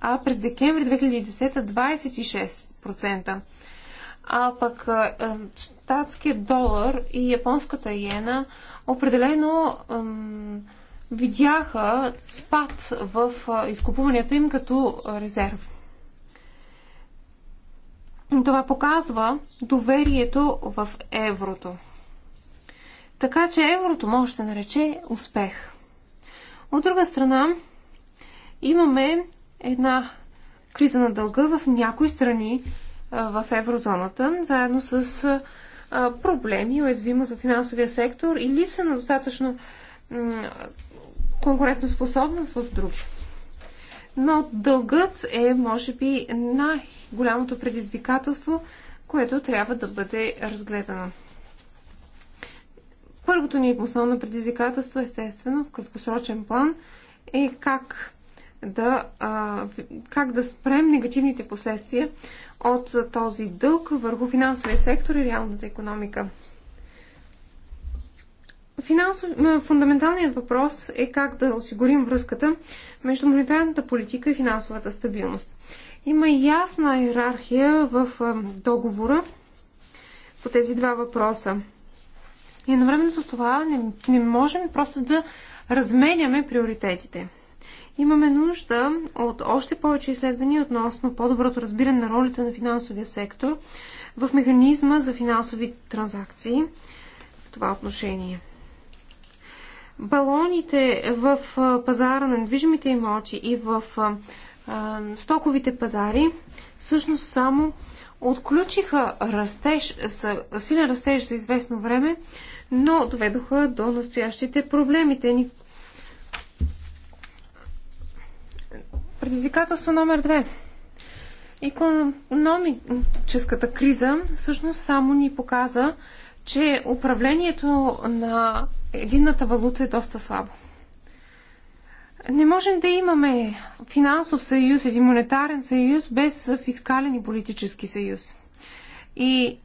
а през декември 2010 26%. А пък статският е, е, долар и японската иена определено видяха спад в е, изкупуванията им като резерв. Това показва доверието в еврото. Така че еврото може да се нарече успех. От друга страна, имаме една криза на дълга в някои страни в еврозоната, заедно с проблеми, уязвимост за финансовия сектор и липса на достатъчно конкурентоспособност в други. Но дългът е, може би, най-голямото предизвикателство, което трябва да бъде разгледано. Първото ни основно предизвикателство, естествено, в краткосрочен план, е как да, а, как да спрем негативните последствия от този дълг върху финансовия сектор и реалната економика. Финансов... Фундаменталният въпрос е как да осигурим връзката между монетарната политика и финансовата стабилност. Има ясна иерархия в договора по тези два въпроса. И едновременно с това не, не можем просто да разменяме приоритетите. Имаме нужда от още повече изследвания относно по-доброто разбиране на ролите на финансовия сектор в механизма за финансови транзакции в това отношение. Балоните в пазара на недвижимите имоти и в стоковите пазари всъщност само отключиха растеж, силен растеж за известно време, но доведоха до настоящите проблеми. Те ни Предизвикателство номер две. Економическата криза всъщност само ни показа, че управлението на единната валута е доста слабо. Не можем да имаме финансов съюз, един монетарен съюз без фискален и политически съюз. И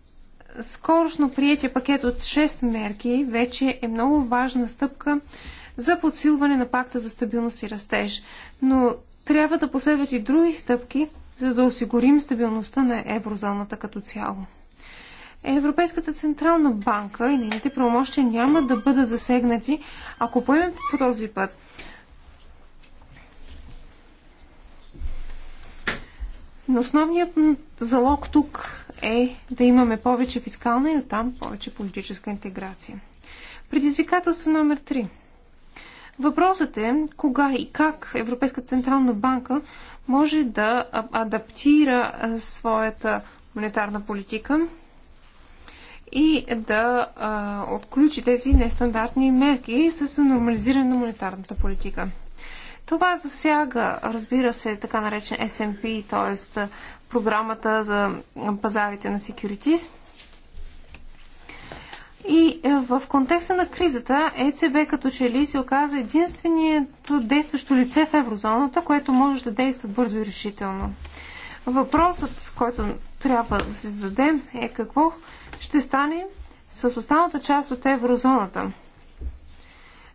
скорошно приятия пакет от 6 мерки вече е много важна стъпка за подсилване на пакта за стабилност и растеж. Но трябва да последват и други стъпки, за да осигурим стабилността на еврозоната като цяло. Европейската централна банка и нейните правомощия няма да бъдат засегнати, ако поемем по този път. Но основният залог тук е да имаме повече фискална и оттам повече политическа интеграция. Предизвикателство номер 3. Въпросът е кога и как Европейската централна банка може да адаптира своята монетарна политика и да а, отключи тези нестандартни мерки с нормализиране на монетарната политика. Това засяга, разбира се, така наречен SMP, т.е. програмата за пазарите на securities, и е, в контекста на кризата ЕЦБ като че ли се оказа единственото действащо лице в еврозоната, което може да действа бързо и решително. Въпросът, който трябва да се зададем, е какво ще стане с останалата част от еврозоната.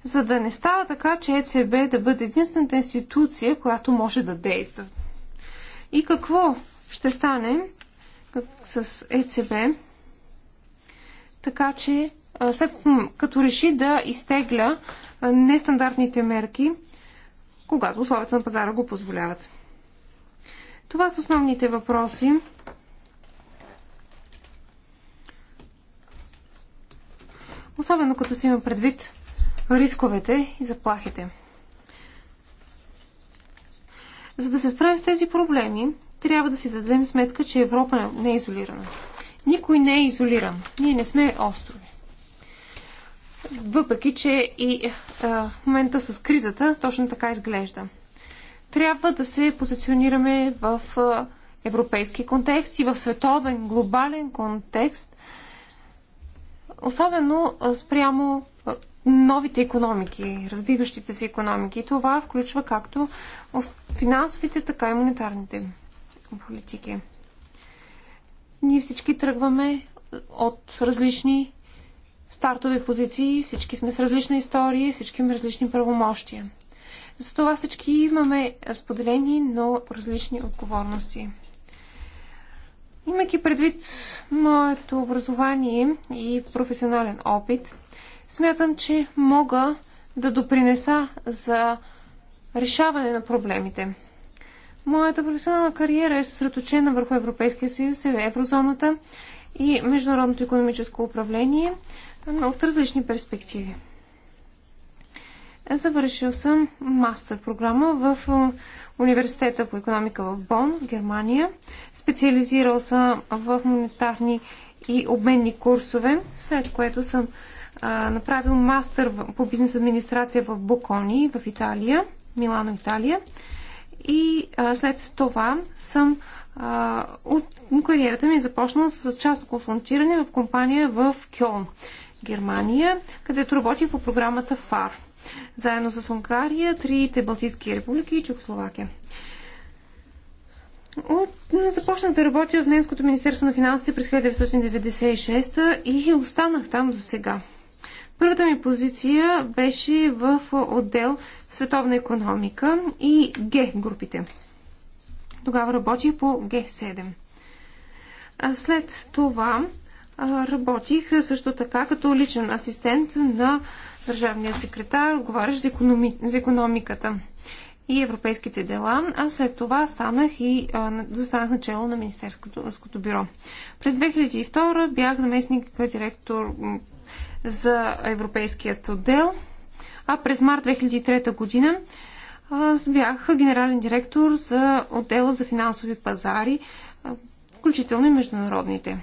За да не става така, че ЕЦБ да бъде единствената институция, която може да действа. И какво ще стане с ЕЦБ, така че след като реши да изтегля нестандартните мерки, когато условията на пазара го позволяват. Това са основните въпроси. Особено като си има предвид рисковете и заплахите. За да се справим с тези проблеми, трябва да си дадем сметка, че Европа не е изолирана. Никой не е изолиран. Ние не сме острови. Въпреки, че и а, в момента с кризата точно така изглежда. Трябва да се позиционираме в а, европейски контекст и в световен, глобален контекст, особено спрямо новите економики, развиващите се економики. И това включва както финансовите, така и монетарните политики. Ние всички тръгваме е, от различни стартови позиции, всички сме с различна история, всички имаме различни правомощия. Затова всички имаме споделени, но различни отговорности. Имайки предвид моето образование и професионален опит, смятам, че мога да допринеса за решаване на проблемите. Моята професионална кариера е съсредоточена върху Европейския съюз, еврозоната и международното економическо управление от различни перспективи. Завършил съм мастер програма в Университета по економика в Бон, Германия. Специализирал съм в монетарни и обменни курсове, след което съм а, направил мастър по бизнес администрация в Бокони, в Италия, Милано, Италия и а, след това съм а, от, кариерата ми е започнала с частно консултиране в компания в Кьон, Германия, където работих по програмата ФАР, заедно с Унгария, трите Балтийски републики и Чехословакия. От... Започнах да работя в Немското министерство на финансите през 1996 и останах там до сега. Първата ми позиция беше в отдел Световна економика и Г групите. Тогава работих по Г7. След това работих също така като личен асистент на държавния секретар, отговарящ за, економи... за економиката и европейските дела, а след това станах и застанах начало на Министерското бюро. През 2002 бях заместник директор за европейският отдел. А през март 2003 година аз бях генерален директор за отдела за финансови пазари, включително и международните.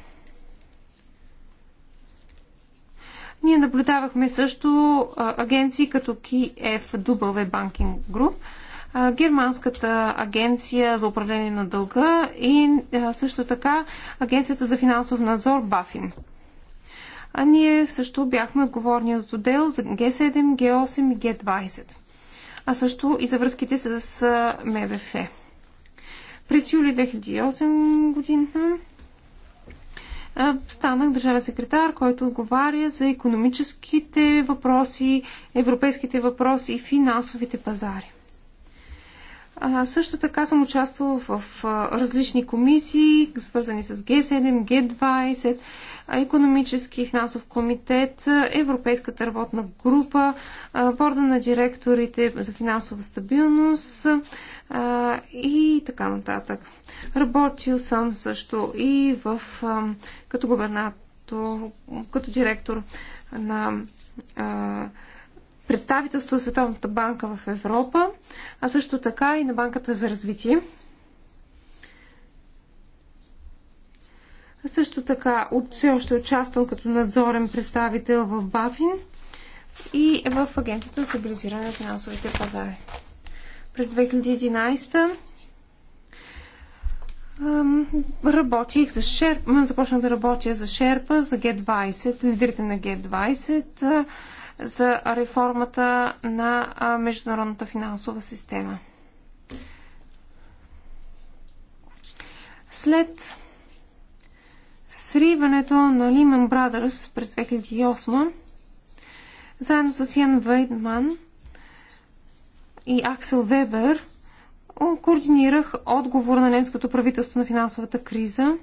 Ние наблюдавахме също агенции като KFW Banking Group, германската агенция за управление на дълга и също така агенцията за финансов надзор Бафин а ние също бяхме отговорни от отдел за Г7, Г8 и Г20, а също и за връзките с МВФ. През юли 2008 година станах държавен секретар, който отговаря за економическите въпроси, европейските въпроси и финансовите пазари. А, също така съм участвала в а, различни комисии, свързани с Г7, Г20, економически и финансов комитет, Европейската работна група, а, борда на директорите за финансова стабилност а, и така нататък. Работил съм също и в, а, като губернатор, като директор на а, представителство на Световната банка в Европа, а също така и на Банката за развитие. Също така от все още участвам като надзорен представител в Бафин и в Агенцията за стабилизиране на финансовите пазари. През 2011 работих за Шерпа, започнах да работя за Шерпа, за G20, лидерите на G20 за реформата на международната финансова система. След сриването на Lehman Brothers през 2008, заедно с Ян Вейдман и Аксел Вебер, координирах отговор на немското правителство на финансовата криза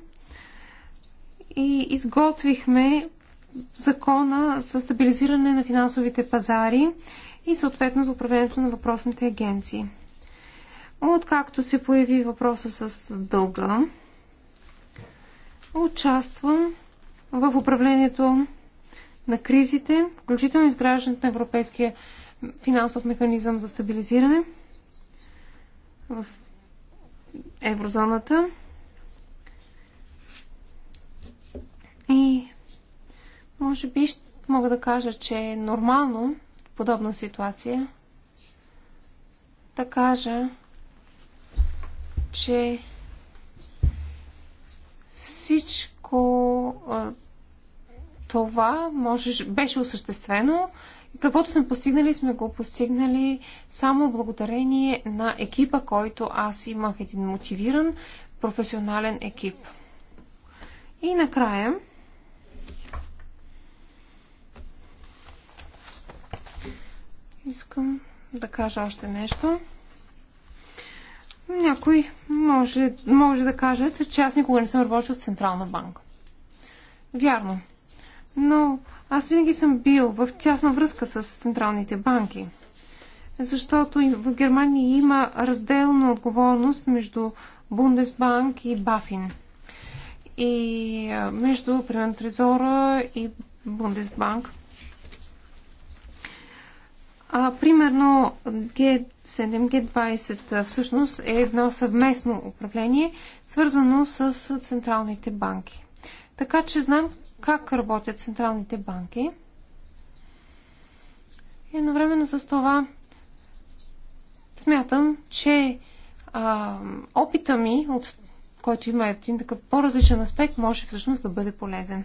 и изготвихме закона за стабилизиране на финансовите пазари и съответно за управлението на въпросните агенции. Откакто се появи въпроса с дълга, участвам в управлението на кризите, включително изграждането на Европейския финансов механизъм за стабилизиране в еврозоната. И може би мога да кажа, че е нормално в подобна ситуация да кажа, че всичко а, това може, беше осъществено. Каквото сме постигнали, сме го постигнали само благодарение на екипа, който аз имах един мотивиран професионален екип. И накрая, Искам да кажа още нещо. Някой може, може да каже, че аз никога не съм работил в Централна банка. Вярно. Но аз винаги съм бил в тясна връзка с централните банки. Защото в Германия има разделна отговорност между Бундесбанк и Бафин. И между, примерно, Трезора и Бундесбанк. А, примерно G7, G20 всъщност е едно съвместно управление, свързано с централните банки. Така че знам как работят централните банки. И едновременно с това смятам, че а, опита ми, от който има един такъв по-различен аспект, може всъщност да бъде полезен.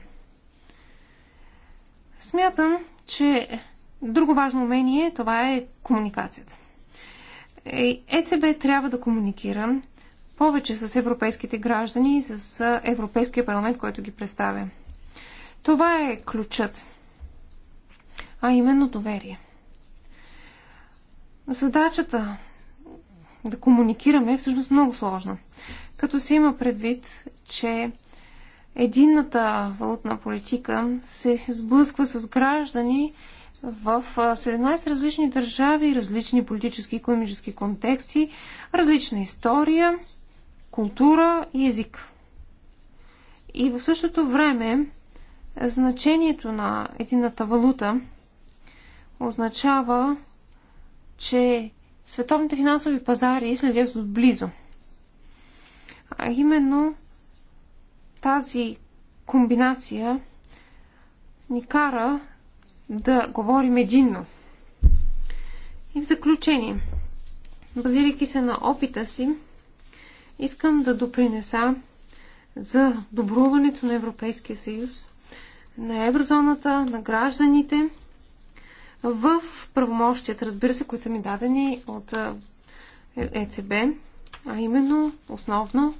Смятам, че Друго важно умение това е комуникацията. Е, ЕЦБ трябва да комуникира повече с европейските граждани и с Европейския парламент, който ги представя. Това е ключът, а именно доверие. Задачата да комуникираме е всъщност много сложна. Като се има предвид, че единната валутна политика се сблъсква с граждани, в 17 различни държави, различни политически и економически контексти, различна история, култура и език. И в същото време значението на едината валута означава, че световните финансови пазари следят отблизо. А именно тази комбинация ни кара да говорим единно. И в заключение, базирайки се на опита си, искам да допринеса за добруването на Европейския съюз, на еврозоната, на гражданите, в правомощията, разбира се, които са ми дадени от ЕЦБ, е а именно основно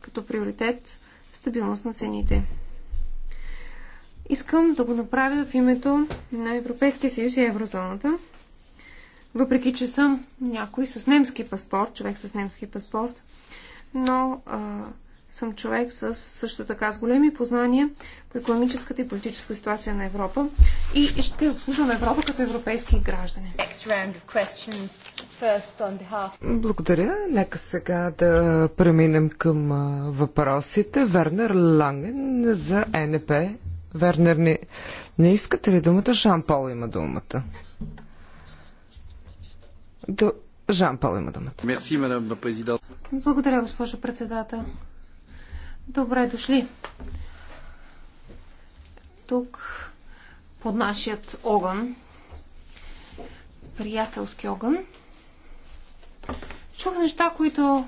като приоритет стабилност на цените. Искам да го направя в името на Европейския съюз и еврозоната. Въпреки, че съм някой с немски паспорт, човек с немски паспорт, но а, съм човек с също така с големи познания по економическата и политическа ситуация на Европа и ще обслужвам Европа като европейски граждани. Благодаря. Нека сега да преминем към въпросите. Вернер Ланген за НП Вернер, не, не искате ли думата? Жан Пол има думата. До... Жан Пол има думата. Мерси, мадам президент. Благодаря, госпожо председател. Добре дошли. Тук под нашият огън, приятелски огън, чух неща, които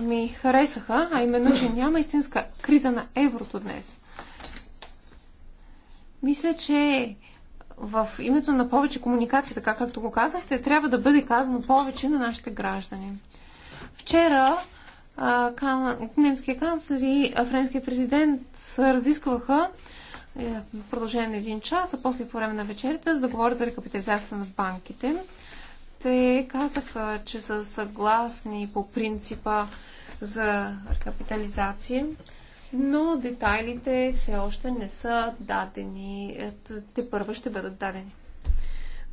ми харесаха, а именно, че няма истинска криза на еврото днес. Мисля, че в името на повече комуникация, така както го казахте, трябва да бъде казано повече на нашите граждани. Вчера немския канцлер и френския президент разискваха е, в продължение на един час, а после по време на вечерята, за да говорят за рекапитализацията на банките. Те казаха, че са съгласни по принципа за рекапитализация, но детайлите все още не са дадени. Те първа ще бъдат дадени.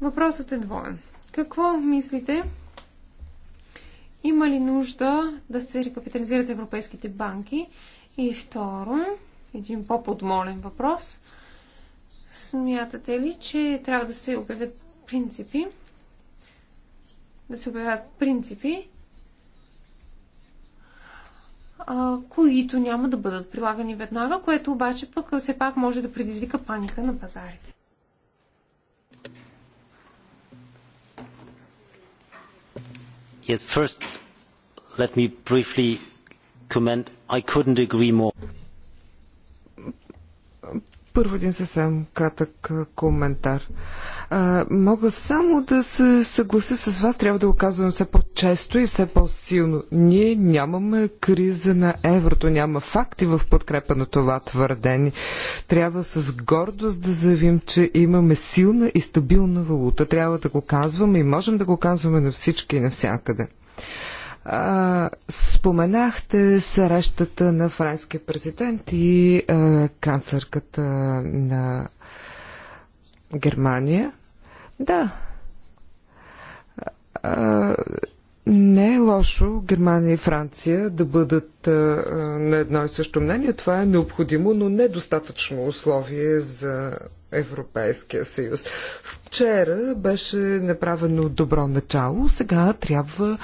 Въпросът е двоен. Какво мислите? Има ли нужда да се рекапитализират европейските банки? И второ, един по-подмолен въпрос. Смятате ли, че трябва да се обявят принципи? Да се обявят принципи, които няма да бъдат прилагани веднага, което обаче пък все пак може да предизвика паника на пазарите. Yes, first, let me briefly comment. I couldn't agree more първо един съвсем кратък коментар. А, мога само да се съглася с вас, трябва да го казвам все по-често и все по-силно. Ние нямаме криза на еврото, няма факти в подкрепа на това твърдение. Трябва с гордост да заявим, че имаме силна и стабилна валута. Трябва да го казваме и можем да го казваме на всички и навсякъде. А, споменахте срещата на френския президент и а, канцърката на Германия. Да. А, не е лошо Германия и Франция да бъдат а, на едно и също мнение. Това е необходимо, но недостатъчно условие за Европейския съюз. Вчера беше направено добро начало, сега трябва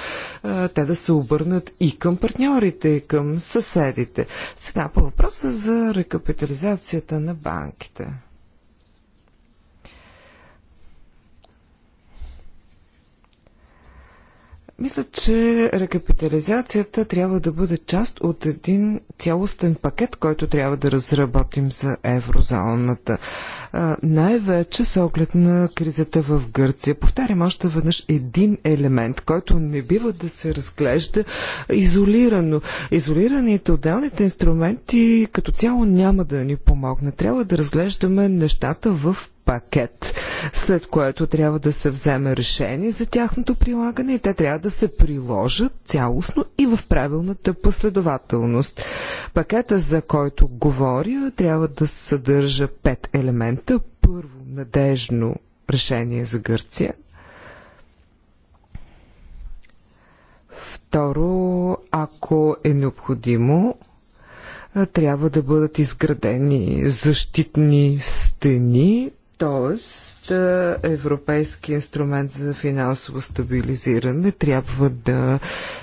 а, те да се обърнат и към партньорите, и към съседите. Сега по въпроса за рекапитализацията на банките. Мисля, че рекапитализацията трябва да бъде част от един цялостен пакет, който трябва да разработим за еврозоната. най-вече с оглед на кризата в Гърция. Повтарям още веднъж един елемент, който не бива да се разглежда изолирано. Изолираните отделните инструменти като цяло няма да ни помогнат. Трябва да разглеждаме нещата в пакет, след което трябва да се вземе решение за тяхното прилагане и те трябва да се приложат цялостно и в правилната последователност. Пакета, за който говоря, трябва да съдържа пет елемента. Първо, надежно решение за Гърция. Второ, ако е необходимо, трябва да бъдат изградени защитни стени Тоест, Европейски инструмент за финансово стабилизиране трябва да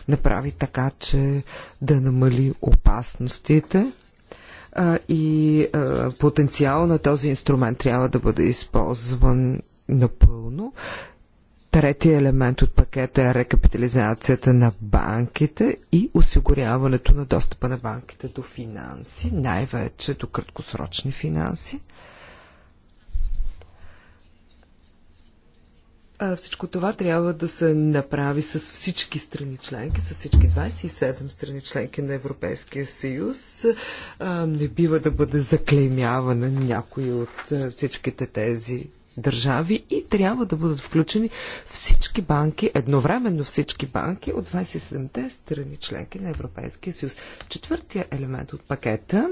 направи така, че да намали опасностите и потенциал на този инструмент трябва да бъде използван напълно. Третия елемент от пакета е рекапитализацията на банките и осигуряването на достъпа на банките до финанси, най-вече до краткосрочни финанси. Всичко това трябва да се направи с всички страни членки, с всички 27 страни членки на Европейския съюз. Не бива да бъде заклеймявана някои от всичките тези държави и трябва да бъдат включени всички банки, едновременно всички банки от 27-те страни членки на Европейския съюз. Четвъртия елемент от пакета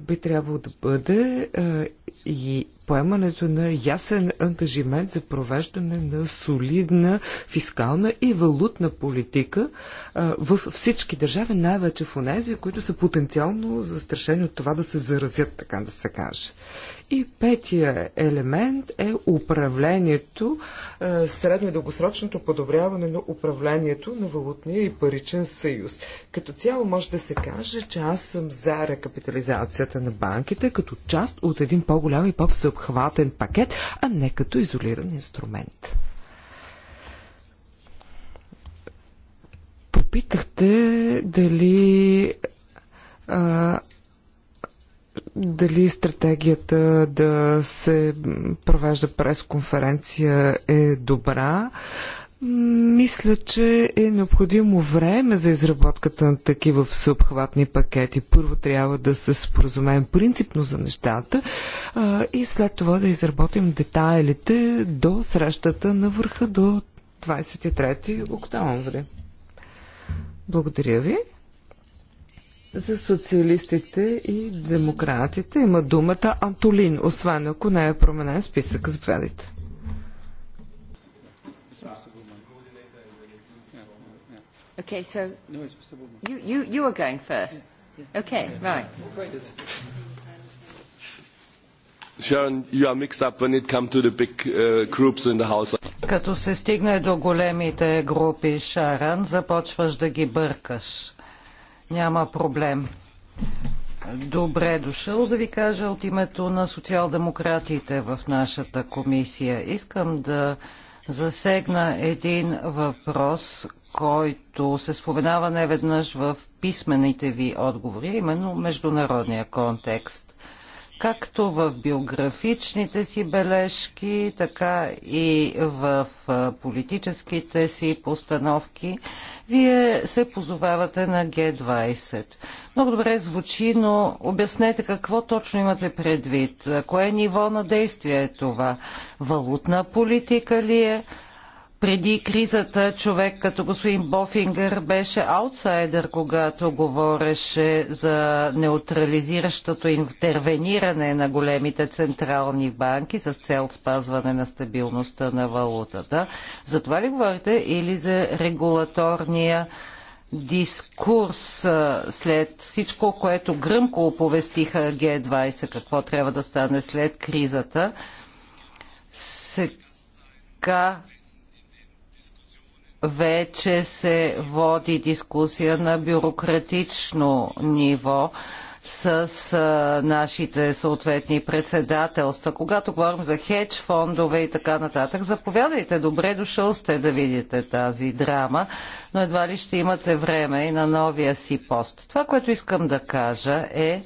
би трябвало да бъде и поемането на ясен ангажимент за провеждане на солидна фискална и валутна политика в всички държави, най-вече в онези, които са потенциално застрашени от това да се заразят, така да се каже. И петия елемент е управлението, средно и дългосрочното подобряване на управлението на валутния и паричен съюз. Като цяло може да се каже, че аз съм за рекапитализацията на банките като част от един по-голям и по-всеобхватен всеобхватен пакет, а не като изолиран инструмент. Попитахте дали а, дали стратегията да се провежда през конференция е добра. А, мисля, че е необходимо време за изработката на такива всеобхватни пакети. Първо трябва да се споразумеем принципно за нещата а, и след това да изработим детайлите до срещата на върха до 23 октомври. Благодаря ви. За социалистите и демократите има думата Антолин, освен ако не е променен списък. Заповядайте. Okay, so no, it's Mr. You, you, you are going first. Yeah. Okay, right. Sharon, you are mixed up when it comes to the big uh, groups in the house. Като се стигне до големите групи, Шаран, започваш да ги бъркаш. Няма проблем. Добре дошъл да ви кажа от името на социал-демократите в нашата комисия. Искам да засегна един въпрос, който се споменава неведнъж в писмените ви отговори, именно международния контекст. Както в биографичните си бележки, така и в политическите си постановки, вие се позовавате на Г-20. Много добре звучи, но обяснете какво точно имате предвид. Кое е ниво на действие е това? Валутна политика ли е? преди кризата човек като господин Бофингър беше аутсайдер, когато говореше за неутрализиращото интервениране на големите централни банки с цел спазване на стабилността на валутата. За това ли говорите или за регулаторния дискурс след всичко, което гръмко оповестиха Г20, какво трябва да стане след кризата? Сега вече се води дискусия на бюрократично ниво с нашите съответни председателства. Когато говорим за хедж фондове и така нататък, заповядайте, добре дошъл сте да видите тази драма, но едва ли ще имате време и на новия си пост. Това, което искам да кажа е,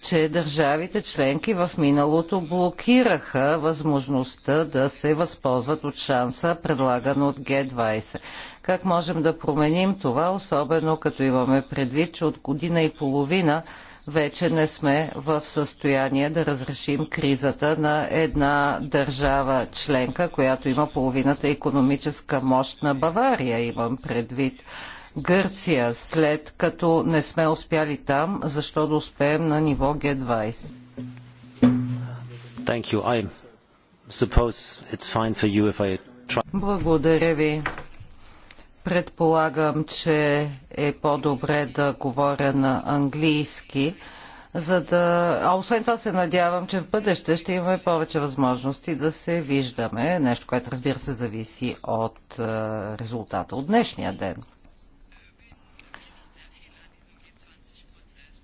че държавите членки в миналото блокираха възможността да се възползват от шанса, предлаган от Г-20. Как можем да променим това, особено като имаме предвид, че от година и половина вече не сме в състояние да разрешим кризата на една държава членка, която има половината економическа мощ на Бавария, имам предвид. Гърция, след като не сме успяли там, защо да успеем на ниво Г20? Благодаря ви. Предполагам, че е по-добре да говоря на английски, за да... А освен това се надявам, че в бъдеще ще имаме повече възможности да се виждаме. Нещо, което разбира се зависи от е, резултата от днешния ден.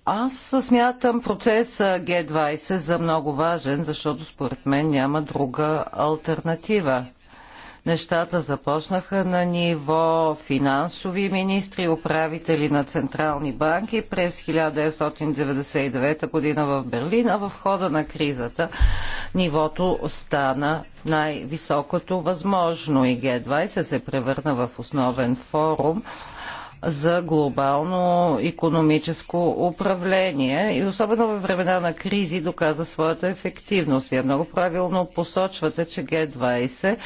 Аз смятам процеса G20 за много важен, защото според мен няма друга альтернатива. Нещата започнаха на ниво финансови министри, управители на централни банки през 1999 година в Берлин, а в хода на кризата нивото стана най-високото възможно и Г20 се превърна в основен форум за глобално економическо управление и особено във времена на кризи доказа своята ефективност. Вие много правилно посочвате, че Г20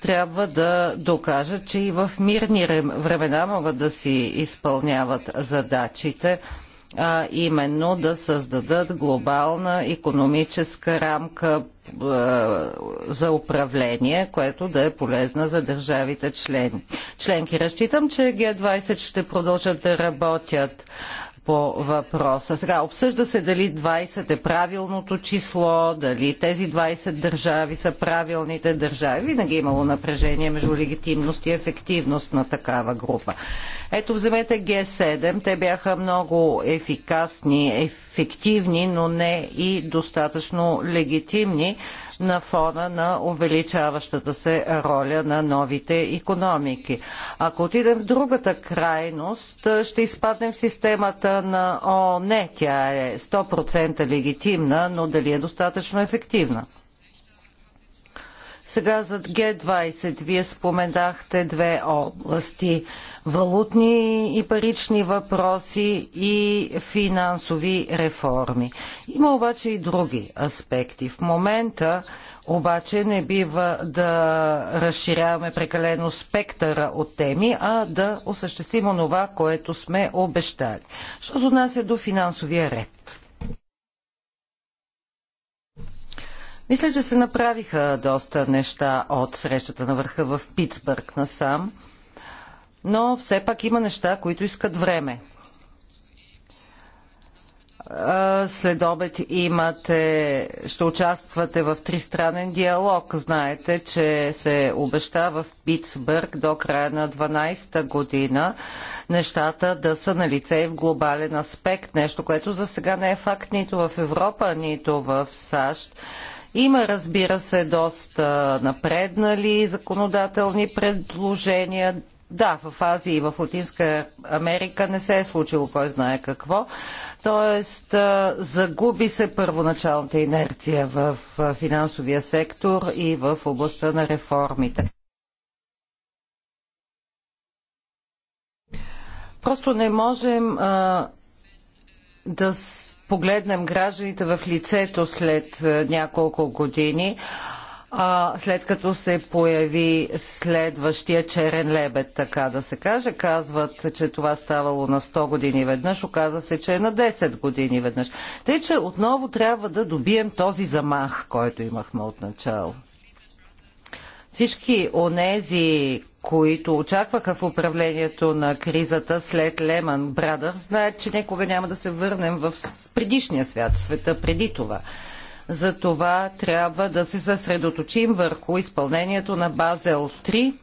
трябва да докажат, че и в мирни времена могат да си изпълняват задачите а именно да създадат глобална економическа рамка за управление, което да е полезна за държавите член. членки. Разчитам, че Г20 ще продължат да работят по въпроса. Сега обсъжда се дали 20 е правилното число, дали тези 20 държави са правилните държави. Винаги е имало напрежение между легитимност и ефективност на такава група. Ето вземете Г7, те бяха много ефикасни, ефективни, но не и достатъчно легитимни, на фона на увеличаващата се роля на новите економики. Ако отидем в другата крайност, ще изпаднем в системата на ООН. Тя е 100% легитимна, но дали е достатъчно ефективна? Сега за Г20 вие споменахте две области – валутни и парични въпроси и финансови реформи. Има обаче и други аспекти. В момента обаче не бива да разширяваме прекалено спектъра от теми, а да осъществим онова, което сме обещали. Що се отнася до финансовия ред? Мисля, че се направиха доста неща от срещата на върха в Питсбърг насам, но все пак има неща, които искат време. След обед имате, ще участвате в тристранен диалог. Знаете, че се обеща в Питсбърг до края на 12-та година нещата да са на лице и в глобален аспект. Нещо, което за сега не е факт нито в Европа, нито в САЩ. Има, разбира се, доста напреднали законодателни предложения. Да, в Азия и в Латинска Америка не се е случило кой знае какво. Тоест, загуби се първоначалната инерция в финансовия сектор и в областта на реформите. Просто не можем да погледнем гражданите в лицето след е, няколко години, а, след като се появи следващия черен лебед, така да се каже. Казват, че това ставало на 100 години веднъж, оказа се, че е на 10 години веднъж. Тъй, че отново трябва да добием този замах, който имахме от начало. Всички онези, които очакваха в управлението на кризата след Леман Брадър, знаят, че никога няма да се върнем в предишния свят, света преди това. Затова трябва да се съсредоточим върху изпълнението на Базел 3,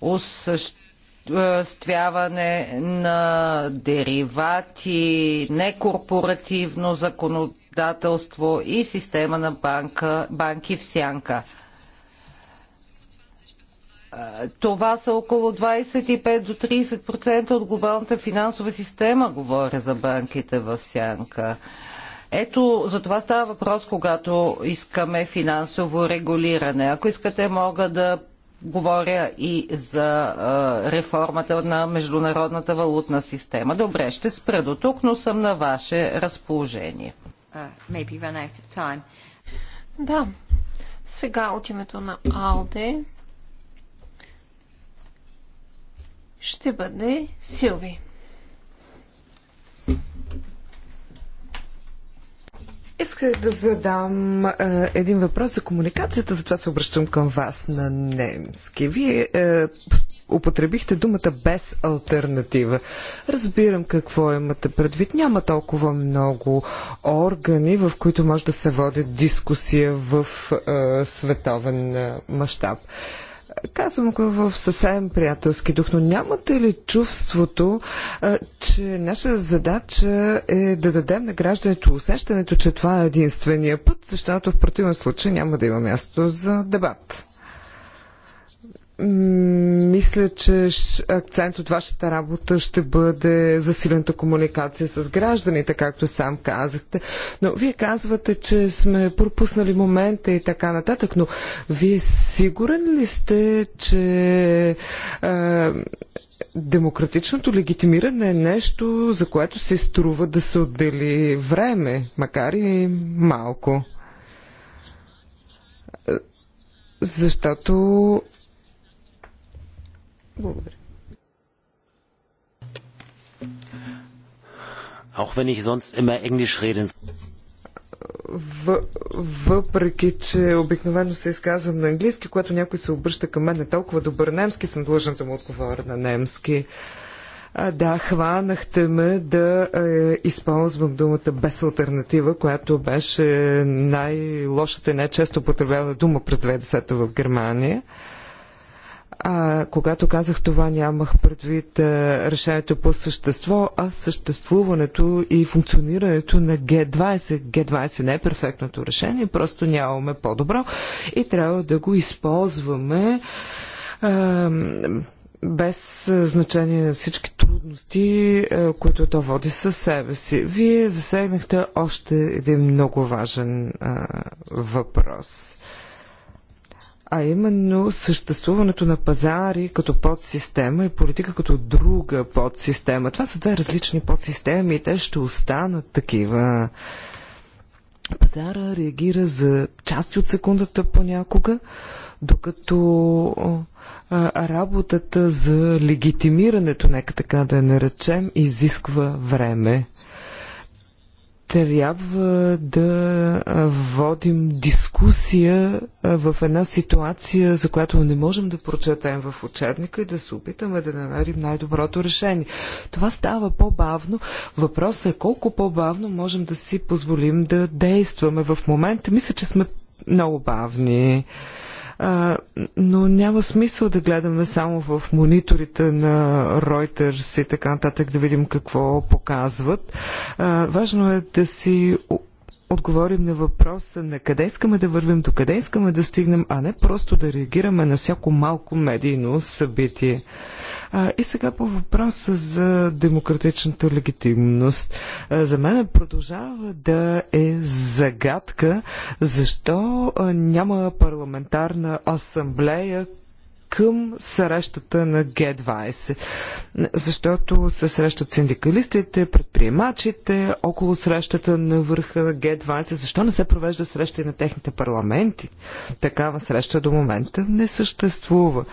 осъществяване на деривати, некорпоративно законодателство, председателство и система на банка, банки в сянка. Това са около 25 до 30% от глобалната финансова система, говоря за банките в сянка. Ето, за това става въпрос, когато искаме финансово регулиране. Ако искате, мога да говоря и за е, реформата на Международната валутна система. Добре, ще спра до тук, но съм на ваше разположение. Uh, maybe run out of time. Да. Сега от името на Алде ще бъде Силви. Исках да задам е, един въпрос за комуникацията, затова се обръщам към вас на немски. Вие е, употребихте думата без альтернатива. Разбирам какво имате предвид. Няма толкова много органи, в които може да се води дискусия в е, световен мащаб. Казвам го в съвсем приятелски дух, но нямате ли чувството, че наша задача е да дадем на гражданите усещането, че това е единствения път, защото в противен случай няма да има място за дебат? Мисля, че акцент от вашата работа ще бъде засилената комуникация с гражданите, както сам казахте. Но вие казвате, че сме пропуснали момента и така нататък, но вие сигурен ли сте, че е, демократичното легитимиране е нещо, за което се струва да се отдели време, макар и малко? Защото благодаря. Auch wenn ich sonst immer Englisch rede. Въпреки, че обикновено се изказвам на английски, когато някой се обръща към мен не толкова добър немски, съм длъжен да му отговоря на немски. А, да, хванахте ме да е, използвам думата без альтернатива, която беше най-лошата и най-често потребявана дума през 2010 в Германия. А, когато казах това, нямах предвид а, решението по същество, а съществуването и функционирането на Г20. Г20 не е перфектното решение, просто нямаме по-добро и трябва да го използваме а, без значение на всички трудности, които то води със себе си. Вие засегнахте още един много важен въпрос. А, а именно съществуването на пазари като подсистема и политика като друга подсистема. Това са две различни подсистеми и те ще останат такива. Пазара реагира за части от секундата понякога, докато работата за легитимирането, нека така да я наречем, изисква време трябва да водим дискусия в една ситуация, за която не можем да прочетем в учебника и да се опитаме да намерим най-доброто решение. Това става по-бавно. Въпросът е колко по-бавно можем да си позволим да действаме в момента. Мисля, че сме много бавни но няма смисъл да гледаме само в мониторите на Reuters и така нататък да видим какво показват. Важно е да си отговорим на въпроса на къде искаме да вървим, до къде искаме да стигнем, а не просто да реагираме на всяко малко медийно събитие. А, и сега по въпроса за демократичната легитимност. А, за мен продължава да е загадка защо а, няма парламентарна асамблея, към срещата на Г-20. Защото се срещат синдикалистите, предприемачите, около срещата на върха на Г-20. Защо не се провежда среща и на техните парламенти? Такава среща до момента не съществува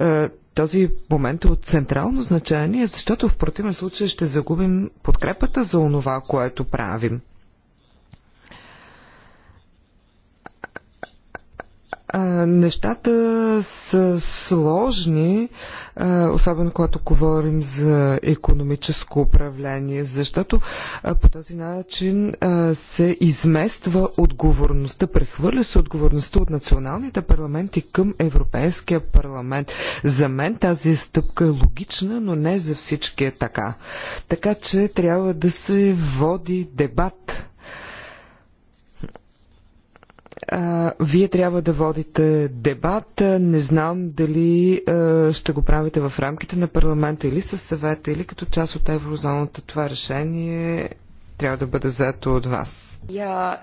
е, този момент е от централно значение, защото в противен случай ще загубим подкрепата за онова, което правим. нещата са сложни, особено когато говорим за економическо управление, защото по този начин се измества отговорността, прехвърля се отговорността от националните парламенти към Европейския парламент. За мен тази стъпка е логична, но не за всички е така. Така че трябва да се води дебат а, вие трябва да водите дебат. Не знам дали а, ще го правите в рамките на парламента или със съвета, или като част от еврозоната. Това решение трябва да бъде заето от вас. Я...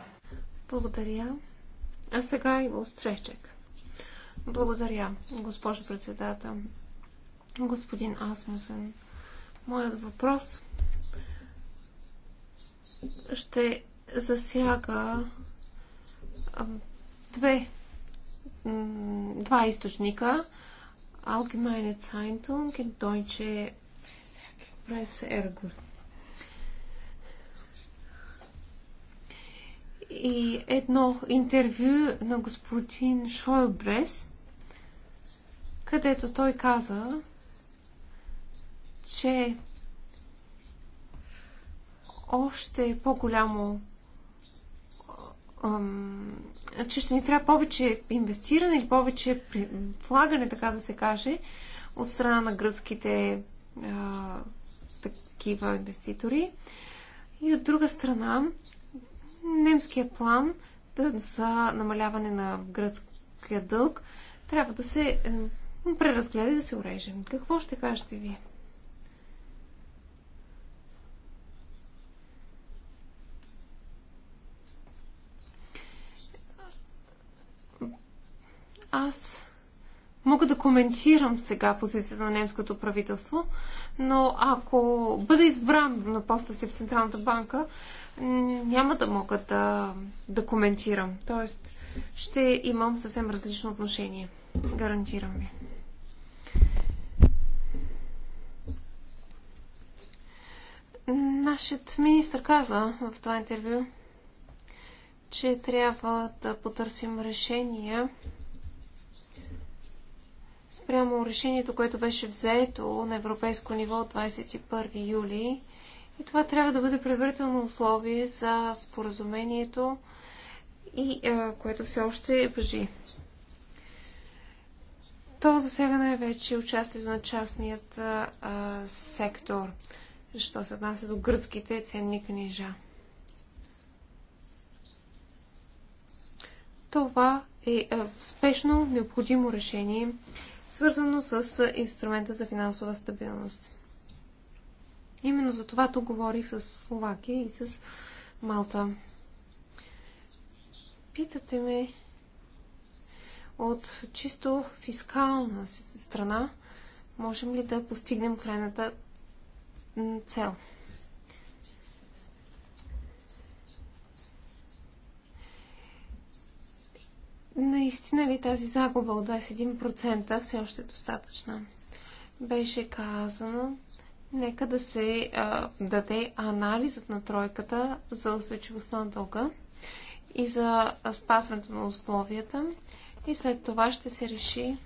Благодаря. А сега има устречек. Благодаря, госпожо председател. Господин Асмусен, моят въпрос ще засяга две, два източника Allgemeine Zeitung и Deutsche Ergur. И едно интервю на господин Шойлбрес, където той каза, че още по-голямо че ще ни трябва повече инвестиране или повече влагане, така да се каже, от страна на гръцките а, такива инвеститори. И от друга страна, немския план за намаляване на гръцкия дълг трябва да се преразгледа и да се урежем. Какво ще кажете вие? Аз мога да коментирам сега позицията на немското правителство, но ако бъда избран на поста си в Централната банка, няма да мога да, да коментирам. Тоест, ще имам съвсем различно отношение. Гарантирам ви. Нашият министр каза в това интервю, че трябва да потърсим решения спрямо решението, което беше взето на европейско ниво от 21 юли. И това трябва да бъде предварително условие за споразумението, и, а, е, което все още въжи. То засягане е вече участието на частният а, е, е, сектор, що се отнася до гръцките ценни книжа. Това е а, спешно необходимо решение свързано с инструмента за финансова стабилност. Именно за това тук говорих с Словакия и с Малта. Питате ме от чисто фискална страна, можем ли да постигнем крайната цел? Наистина ли тази загуба от 21% все още е достатъчна? Беше казано, нека да се а, даде анализът на тройката за устойчивостта на дълга и за спазването на условията и след това ще се реши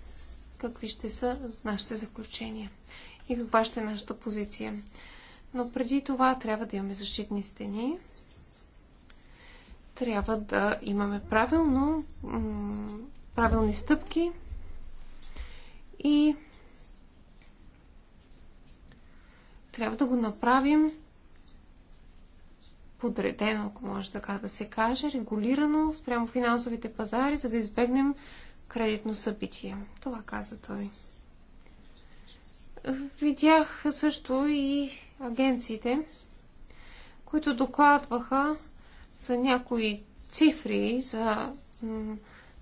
какви ще са нашите заключения и каква ще е нашата позиция. Но преди това трябва да имаме защитни стени, трябва да имаме правилно, правилни стъпки и трябва да го направим подредено, ако може така да се каже, регулирано спрямо финансовите пазари, за да избегнем кредитно събитие. Това каза той. Видях също и агенциите, които докладваха за някои цифри за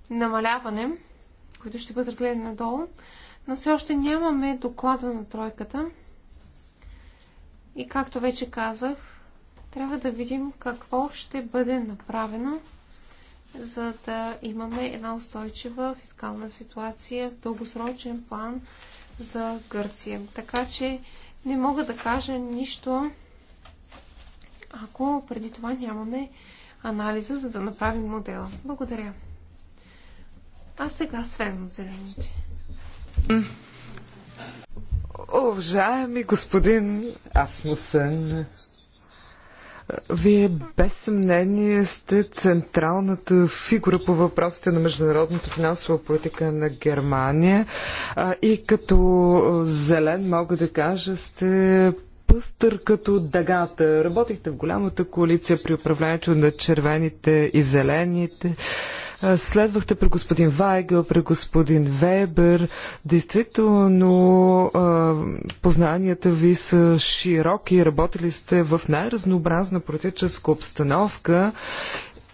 намаляване, които ще бъдат разгледани надолу, но все още нямаме доклада на тройката. И както вече казах, трябва да видим какво ще бъде направено, за да имаме една устойчива фискална ситуация в дългосрочен план за Гърция. Така че не мога да кажа нищо ако преди това нямаме анализа, за да направим модела. Благодаря. А сега Свен от зелените. Уважаеми господин Асмусен, вие без съмнение сте централната фигура по въпросите на международната финансова политика на Германия и като зелен мога да кажа сте пъстър като дъгата. Работихте в голямата коалиция при управлението на червените и зелените. Следвахте при господин Вайгъл, при господин Вебер. Действително познанията ви са широки. Работили сте в най-разнообразна политическа обстановка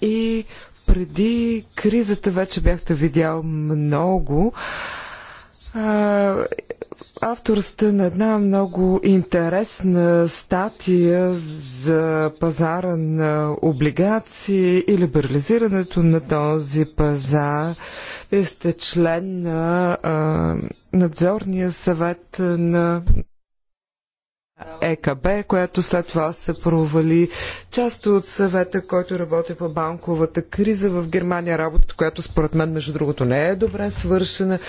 и преди кризата вече бяхте видял много сте на една много интересна статия за пазара на облигации и либерализирането на този пазар. Вие сте член на а, надзорния съвет на ЕКБ, която след това се провали. Част от съвета, който работи по банковата криза в Германия, работата, която според мен, между другото, не е добре свършена.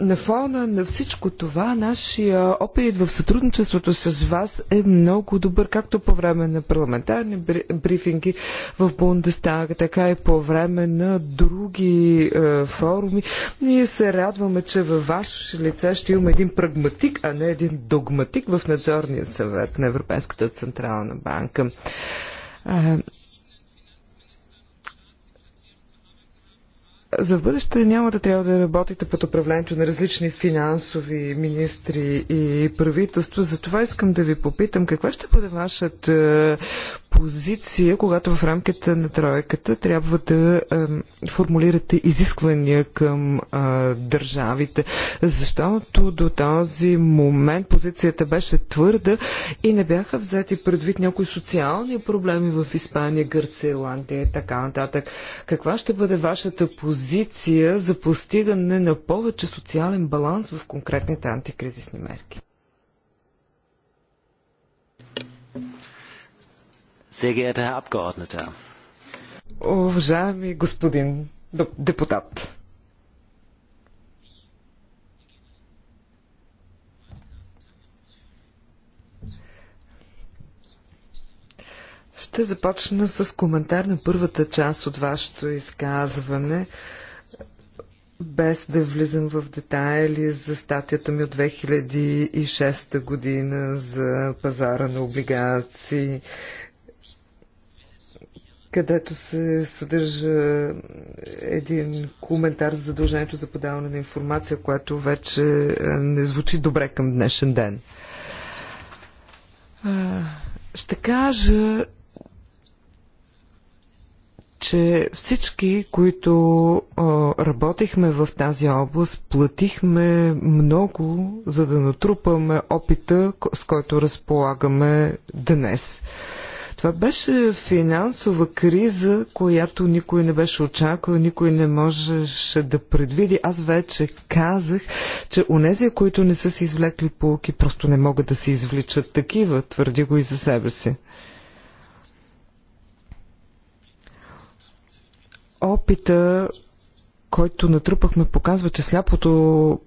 На фона на всичко това, нашия опит в сътрудничеството с вас е много добър, както по време на парламентарни брифинги в Бундестаг, така и по време на други е, форуми. Ние се радваме, че във ваше лице ще имаме един прагматик, а не един догматик в надзорния съвет на Европейската централна банка. за бъдеще няма да трябва да работите под управлението на различни финансови министри и правителства. Затова искам да ви попитам каква ще бъде вашата е, позиция, когато в рамките на тройката трябва да е, формулирате изисквания към е, държавите, защото до този момент позицията беше твърда и не бяха взети предвид някои социални проблеми в Испания, Гърция, Ирландия и така нататък. Каква ще бъде вашата позиция? позиция за постигане на повече социален баланс в конкретните антикризисни мерки? Уважаеми господин депутат, Ще започна с коментар на първата част от вашето изказване, без да влизам в детайли за статията ми от 2006 година за пазара на облигации, където се съдържа един коментар за задължението за подаване на информация, което вече е, не звучи добре към днешен ден. Ще кажа, че всички, които а, работихме в тази област, платихме много, за да натрупаме опита, с който разполагаме днес. Това беше финансова криза, която никой не беше очаквал, никой не можеше да предвиди. Аз вече казах, че онези, които не са си извлекли полки, просто не могат да се извличат такива, твърди го и за себе си. опита, който натрупахме, показва, че сляпото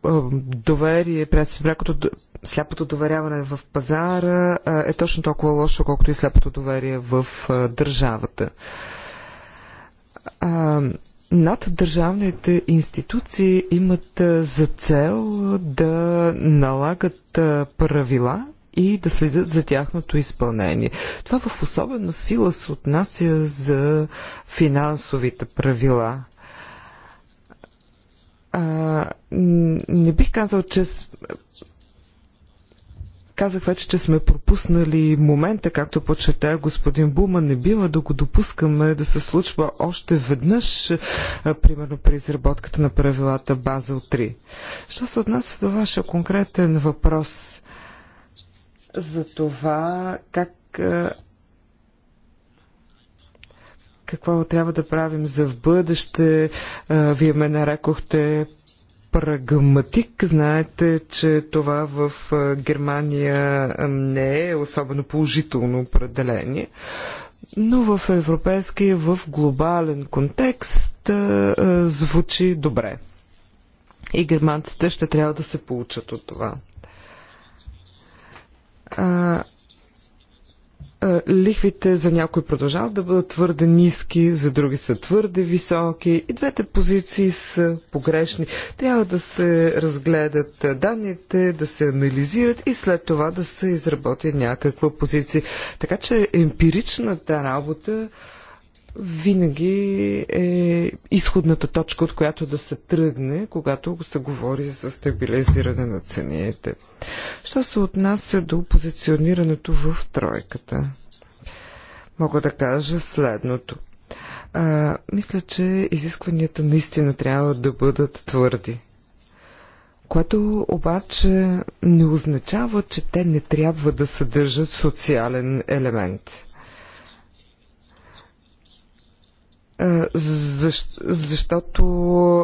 доверие, прякото, сляпото доверяване в пазара е точно толкова лошо, колкото и сляпото доверие в държавата. над държавните институции имат за цел да налагат правила, и да следят за тяхното изпълнение. Това в особена сила се отнася за финансовите правила. А, не бих казал, че казах вече, че сме пропуснали момента, както подчерта господин Бума, не бива да го допускаме да се случва още веднъж, примерно при изработката на правилата Базел 3. Що се отнася до вашия конкретен въпрос? за това как е, какво трябва да правим за в бъдеще. Е, вие ме нарекохте прагматик. Знаете, че това в е, Германия не е особено положително определение. Но в европейски в глобален контекст звучи добре. И германците ще трябва да се получат от това лихвите за някои продължават да бъдат твърде ниски, за други са твърде високи и двете позиции са погрешни. Трябва да се разгледат данните, да се анализират и след това да се изработи някаква позиция. Така че емпиричната работа винаги е изходната точка, от която да се тръгне, когато се говори за стабилизиране на цените. Що се отнася до позиционирането в тройката? Мога да кажа следното. А, мисля, че изискванията наистина трябва да бъдат твърди. Което обаче не означава, че те не трябва да съдържат социален елемент. Защ, защото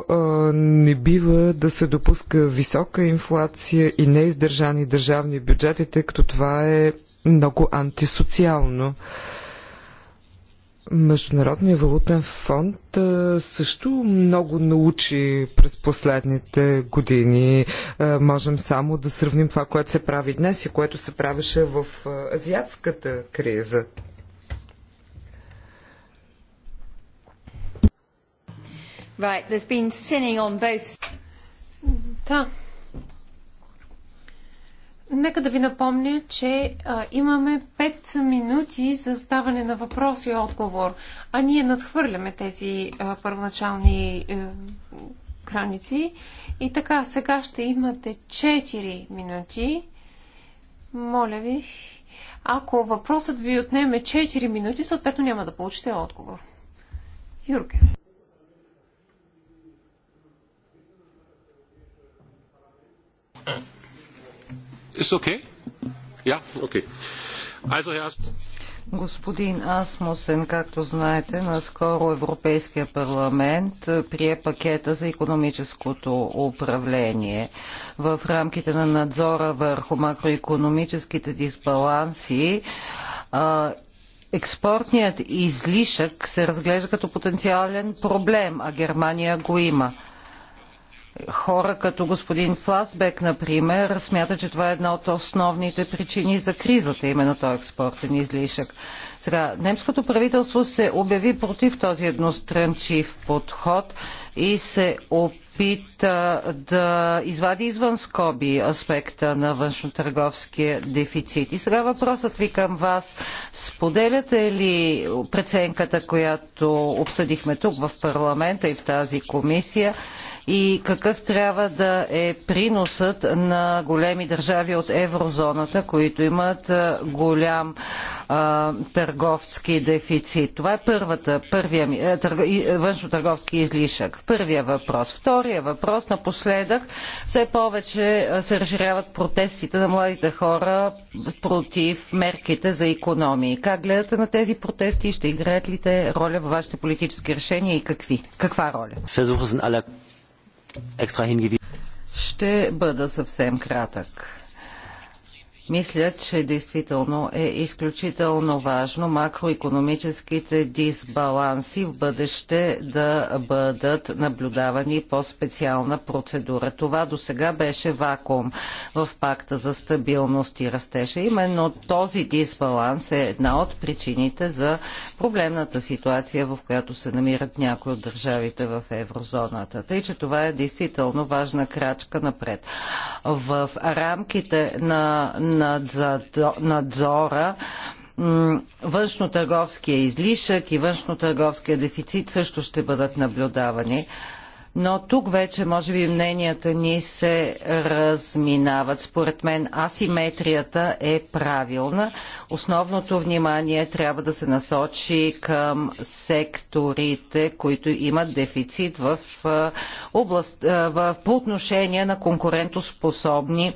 а, не бива да се допуска висока инфлация и неиздържани държавни бюджети, тъй като това е много антисоциално. Международният валутен фонд също много научи през последните години. Можем само да сравним това, което се прави днес и което се правеше в азиатската криза. Right, there's been sinning on both. Да. Нека да ви напомня, че а, имаме 5 минути за задаване на въпрос и отговор, а ние надхвърляме тези а, първоначални а, е, граници. И така, сега ще имате 4 минути. Моля ви, ако въпросът ви отнеме 4 минути, съответно няма да получите отговор. Юрген. Господин Асмусен, както знаете, наскоро Европейския парламент е, прие пакета за економическото управление. В рамките на надзора върху макроекономическите дисбаланси е, експортният излишък се разглежда като потенциален проблем, а Германия го има хора като господин Фласбек, например, смята, че това е една от основните причини за кризата, именно този експортен излишък. Сега, немското правителство се обяви против този едностранчив подход и се опита да извади извън скоби аспекта на външнотърговския дефицит. И сега въпросът ви към вас. Споделяте ли преценката, която обсъдихме тук в парламента и в тази комисия? и какъв трябва да е приносът на големи държави от еврозоната, които имат голям а, търговски дефицит. Това е първата, първия ми, е, търг, е, външно-търговски излишък. Първия въпрос. Втория въпрос напоследък все повече се разширяват протестите на младите хора против мерките за економии. Как гледате на тези протести и ще играят ли те роля във вашите политически решения и какви? Каква роля? Ще бъда съвсем кратък. Мисля, че действително е изключително важно макроекономическите дисбаланси в бъдеще да бъдат наблюдавани по специална процедура. Това до сега беше вакуум в пакта за стабилност и растежа. Именно този дисбаланс е една от причините за проблемната ситуация, в която се намират някои от държавите в еврозоната. Тъй, че това е действително важна крачка напред. В рамките на надзора външно-търговския излишък и външно-търговския дефицит също ще бъдат наблюдавани. Но тук вече, може би, мненията ни се разминават. Според мен асиметрията е правилна. Основното внимание трябва да се насочи към секторите, които имат дефицит в област, в, по отношение на конкурентоспособни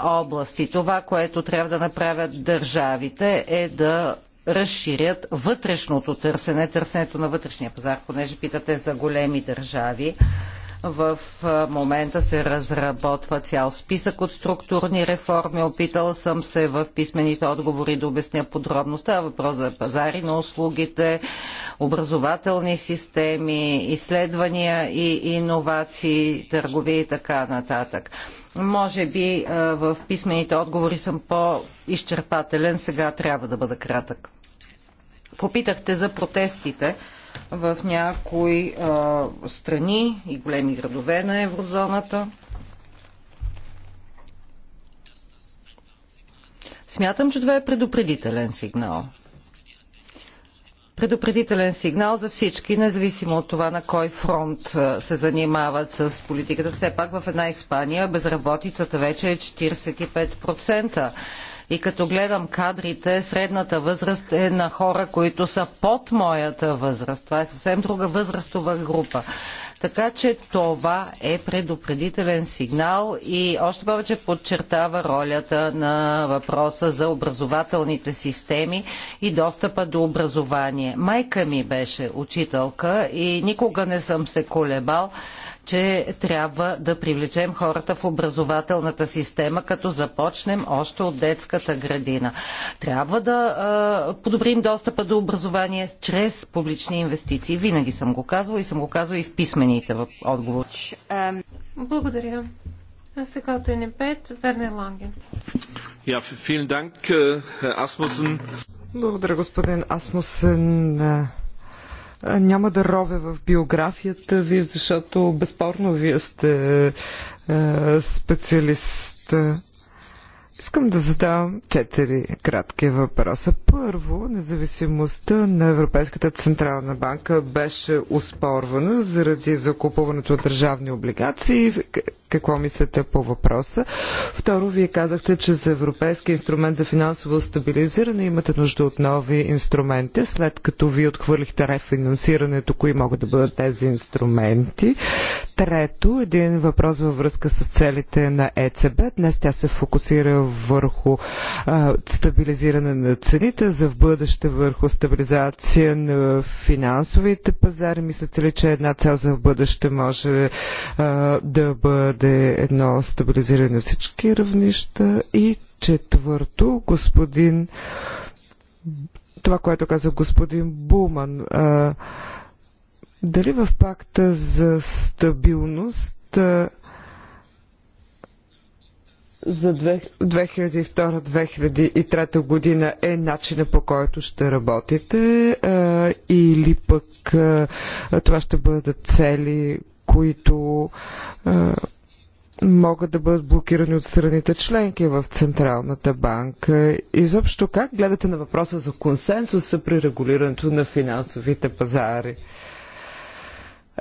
области. Това, което трябва да направят държавите е да разширят вътрешното търсене, търсенето на вътрешния пазар, понеже питате за големи държави. В момента се разработва цял списък от структурни реформи. Опитал съм се в писмените отговори да обясня подробно. Става въпрос за пазари на услугите, образователни системи, изследвания и иновации, търговия и така нататък. Може би в писмените отговори съм по-изчерпателен, сега трябва да бъда кратък. Попитахте за протестите в някои а, страни и големи градове на еврозоната. Смятам, че това е предупредителен сигнал. Предупредителен сигнал за всички, независимо от това на кой фронт се занимават с политиката. Все пак в една Испания безработицата вече е 45%. И като гледам кадрите, средната възраст е на хора, които са под моята възраст. Това е съвсем друга възрастова група. Така че това е предупредителен сигнал и още повече подчертава ролята на въпроса за образователните системи и достъпа до образование. Майка ми беше учителка и никога не съм се колебал че трябва да привлечем хората в образователната система, като започнем още от детската градина. Трябва да а, подобрим достъпа до образование чрез публични инвестиции. Винаги съм го казвала и съм го казвала и в писмените отговори. Благодаря. се като е НП, Вернер Ланген. Я, филин данк, Асмусен. Благодаря, господин Асмусен. Няма да ровя в биографията ви, защото безспорно вие сте специалист. Искам да задам четири кратки въпроса. Първо, независимостта на Европейската централна банка беше успорвана заради закупуването от държавни облигации какво мислите по въпроса. Второ, вие казахте, че за Европейския инструмент за финансово стабилизиране имате нужда от нови инструменти, след като вие отхвърлихте рефинансирането, кои могат да бъдат тези инструменти. Трето, един въпрос във връзка с целите на ЕЦБ. Днес тя се фокусира върху а, стабилизиране на цените, за в бъдеще върху стабилизация на финансовите пазари. Мислите ли, че една цел за в бъдеще може а, да бъде бъде едно стабилизиране на всички равнища. И четвърто, господин, това, което каза господин Буман, а, дали в пакта за стабилност а, за 2002-2003 година е начина по който ще работите а, или пък а, това ще бъдат цели, които а, могат да бъдат блокирани от страните членки в Централната банка. Изобщо как гледате на въпроса за консенсуса при регулирането на финансовите пазари?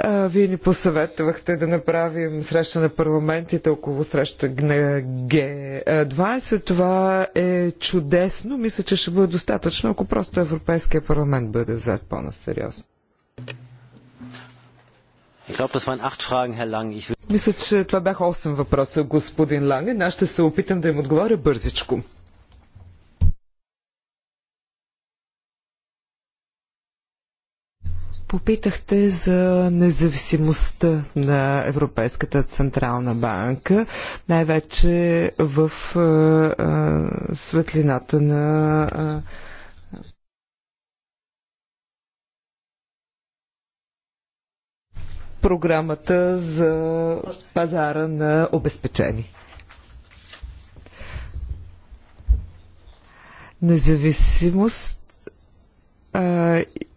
вие ни посъветвахте да направим среща на парламентите около среща на Г20. Това е чудесно. Мисля, че ще бъде достатъчно, ако просто Европейския парламент бъде взет по-насериозно. Мисля, че това бяха 8 въпроса, господин Ланген. Аз ще се опитам да им отговоря бързичко. попитахте за независимостта на Европейската централна банка, най-вече в а, е, а, е, светлината на а, е, програмата за пазара на обезпечени. Независимост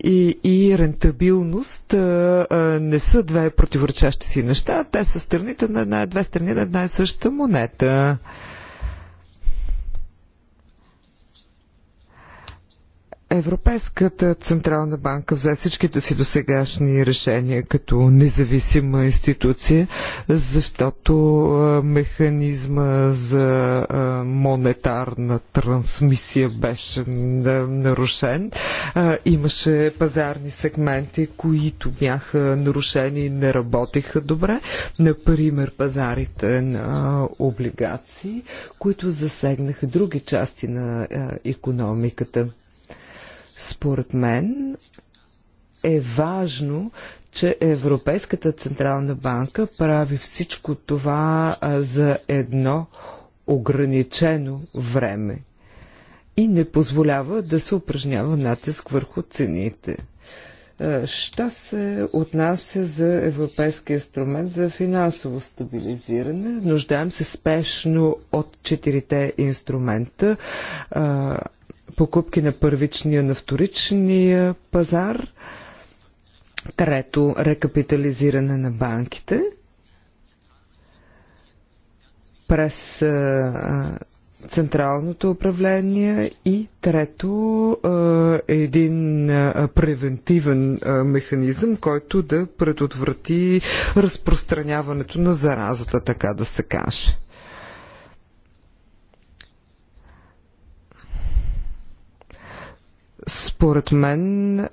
и, и рентабилност не са две противоречащи си неща. Те са страните на една, две страни на една и съща монета. А, Европейската Централна банка взе всичките си досегашни решения като независима институция, защото механизма за монетарна трансмисия беше нарушен. Имаше пазарни сегменти, които бяха нарушени и не работиха добре. Например, пазарите на облигации, които засегнаха други части на економиката. Според мен е важно, че Европейската Централна банка прави всичко това за едно ограничено време и не позволява да се упражнява натиск върху цените. Що се отнася за Европейския инструмент за финансово стабилизиране? Нуждаем се спешно от четирите инструмента покупки на първичния, на вторичния пазар. Трето, рекапитализиране на банките през Централното управление и трето един превентивен механизъм, който да предотврати разпространяването на заразата, така да се каже. Според мен е,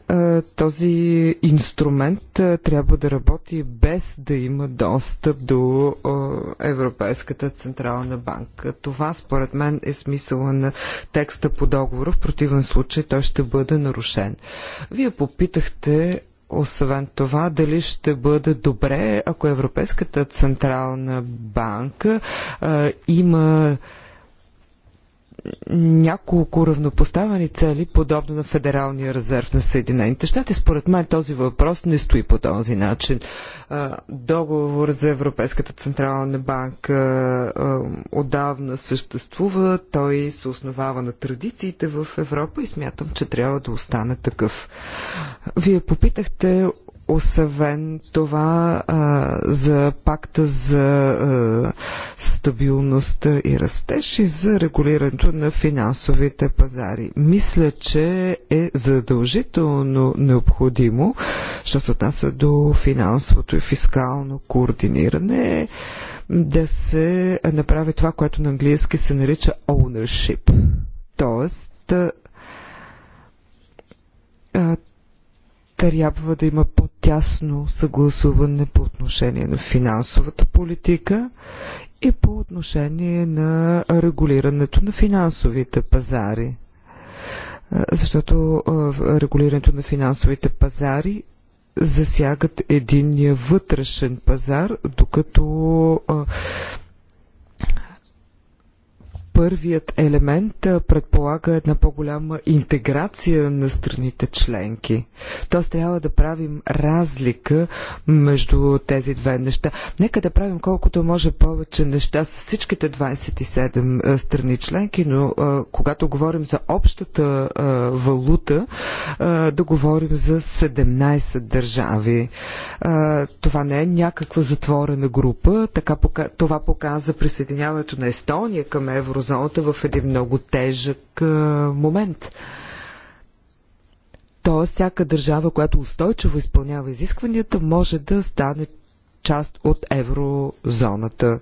този инструмент е, трябва да работи без да има достъп до е, Европейската централна банка. Това според мен е смисъла на текста по договора. В противен случай той ще бъде нарушен. Вие попитахте освен това, дали ще бъде добре, ако Европейската централна банка а, има няколко равнопоставени цели, подобно на Федералния резерв на Съединените щати. Според мен този въпрос не стои по този начин. Договор за Европейската централна банка отдавна съществува. Той се основава на традициите в Европа и смятам, че трябва да остане такъв. Вие попитахте освен това, а, за пакта за а, стабилността и растеж и за регулирането на финансовите пазари. Мисля, че е задължително необходимо, що се отнася до финансовото и фискално координиране, да се направи това, което на английски се нарича ownership. Тоест, трябва да има по-тясно съгласуване по отношение на финансовата политика и по отношение на регулирането на финансовите пазари. Защото регулирането на финансовите пазари засягат единния вътрешен пазар, докато първият елемент предполага една по-голяма интеграция на страните членки. Тоест трябва да правим разлика между тези две неща. Нека да правим колкото може повече неща с всичките 27 страни членки, но когато говорим за общата валута, да говорим за 17 държави. Това не е някаква затворена група. Така, това показа присъединяването на Естония към еврозоната еврозоната в един много тежък момент. Тоест, всяка държава, която устойчиво изпълнява изискванията, може да стане част от еврозоната.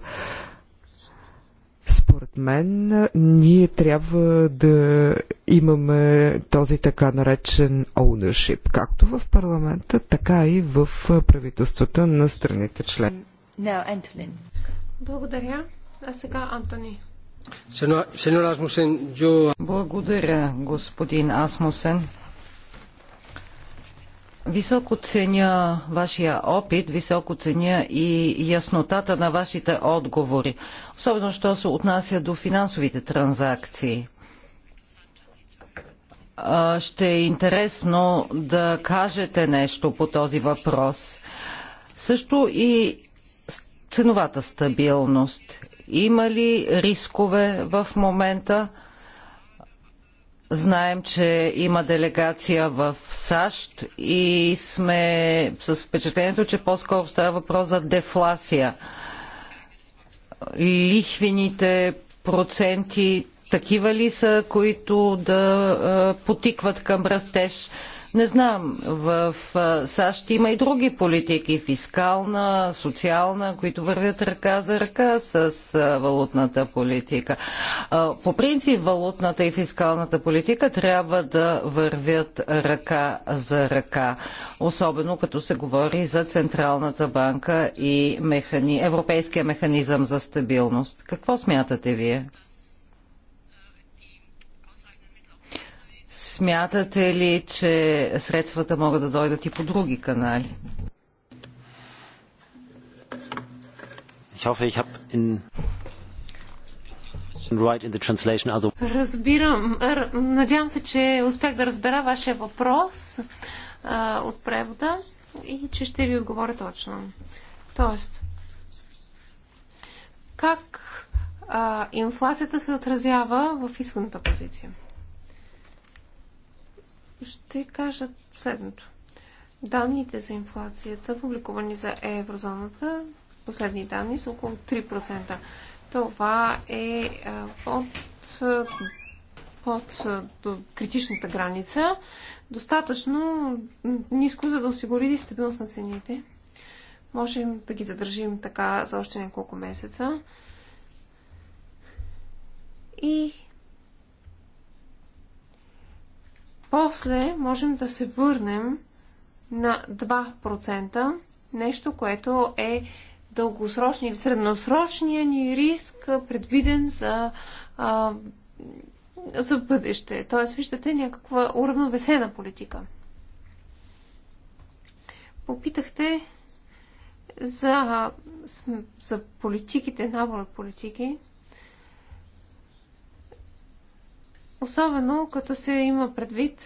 Според мен, ние трябва да имаме този така наречен ownership, както в парламента, така и в правителствата на страните член. No, Благодаря. А сега Антони. Благодаря, господин Асмусен. Високо ценя вашия опит, високо ценя и яснотата на вашите отговори, особено що се отнася до финансовите транзакции. Ще е интересно да кажете нещо по този въпрос. Също и ценовата стабилност има ли рискове в момента? Знаем, че има делегация в САЩ и сме с впечатлението, че по-скоро става въпрос за дефлация. Лихвените проценти такива ли са, които да е, потикват към растеж? Не знам, в САЩ има и други политики, фискална, социална, които вървят ръка за ръка с валутната политика. По принцип, валутната и фискалната политика трябва да вървят ръка за ръка, особено като се говори за Централната банка и механи... Европейския механизъм за стабилност. Какво смятате вие? Смятате ли, че средствата могат да дойдат и по други канали? Разбирам. Надявам се, че успях да разбера вашия въпрос а, от превода и че ще ви отговоря точно. Тоест, как а, инфлацията се отразява в изходната позиция? ще кажа следното. Данните за инфлацията, публикувани за еврозоната, последни данни са около 3%. Това е под, под до критичната граница, достатъчно ниско, за да осигури стабилност на цените. Можем да ги задържим така за още няколко месеца. И После можем да се върнем на 2%, нещо, което е дългосрочни или средносрочния ни риск, предвиден за, а, за бъдеще. Тоест, виждате някаква уравновесена политика. Попитахте за, за политиките, набор от политики. Особено като се има предвид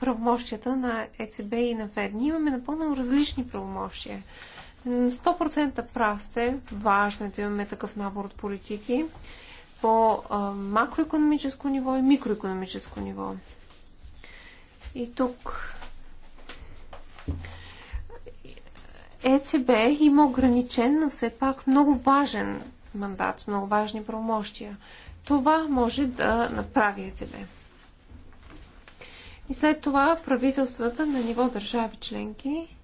правомощията на ЕЦБ и на ФЕД. Ние имаме напълно различни правомощия. 100% прав сте. Важно е да имаме такъв набор от политики по макроекономическо ниво и микроекономическо ниво. И тук ЕЦБ има ограничен, но все пак много важен мандат, много важни правомощия. Това може да направи ЕЦБ. И след това правителствата на ниво държави членки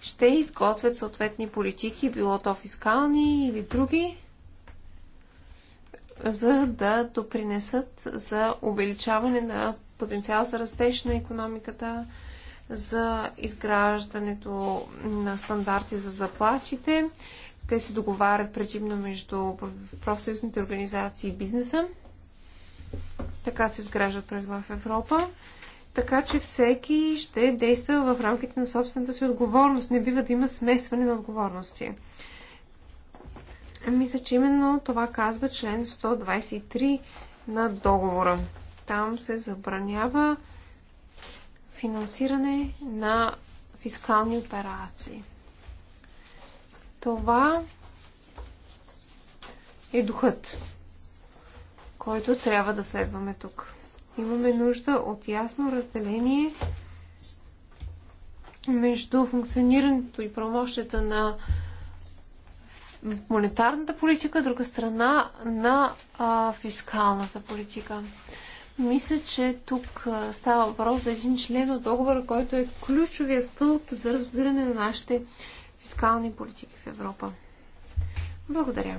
ще изготвят съответни политики, било то фискални или други, за да допринесат за увеличаване на потенциал за растеж на економиката, за изграждането на стандарти за заплатите, те се договарят предимно между профсъюзните организации и бизнеса. Така се изграждат правила в Европа. Така че всеки ще действа в рамките на собствената си отговорност. Не бива да има смесване на отговорности. Мисля, че именно това казва член 123 на договора. Там се забранява финансиране на фискални операции. Това е духът, който трябва да следваме тук. Имаме нужда от ясно разделение между функционирането и промощата на монетарната политика, друга страна на а, фискалната политика. Мисля, че тук става въпрос за един член от договора, който е ключовия стълб за разбиране на нашите фискални политики в Европа. Благодаря.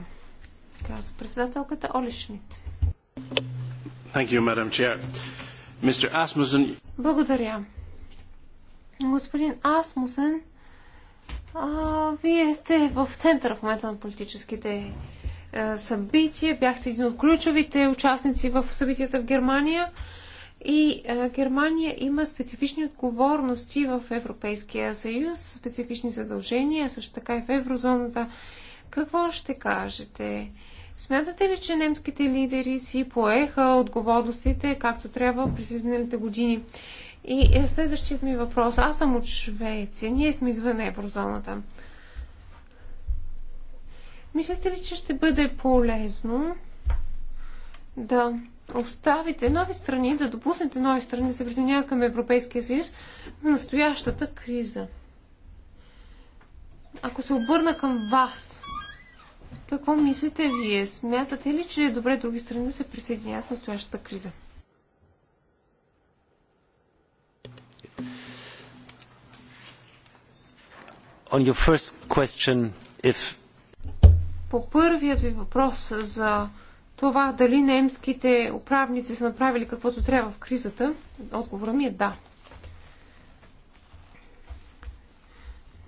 Казва председателката Оли Шмидт. Благодаря. Господин Асмусен, а, вие сте в центъра в момента на политическите е, събития. Бяхте един от ключовите участници в събитията в Германия. И а, е, Германия има специфични отговорности в Европейския съюз, специфични задължения, също така и в еврозоната. Какво ще кажете? Смятате ли, че немските лидери си поеха отговорностите както трябва през изминалите години? И е, следващият ми въпрос. Аз съм от Швеция. Ние сме извън еврозоната. Мислите ли, че ще бъде полезно да оставите нови страни, да допуснете нови страни да се присъединяват към Европейския съюз в настоящата криза? Ако се обърна към вас, какво мислите вие? Смятате ли, че е добре други страни да се присъединяват в настоящата криза? On your first question, if... По първият ви въпрос за това дали немските управници са направили каквото трябва в кризата, отговора ми е да.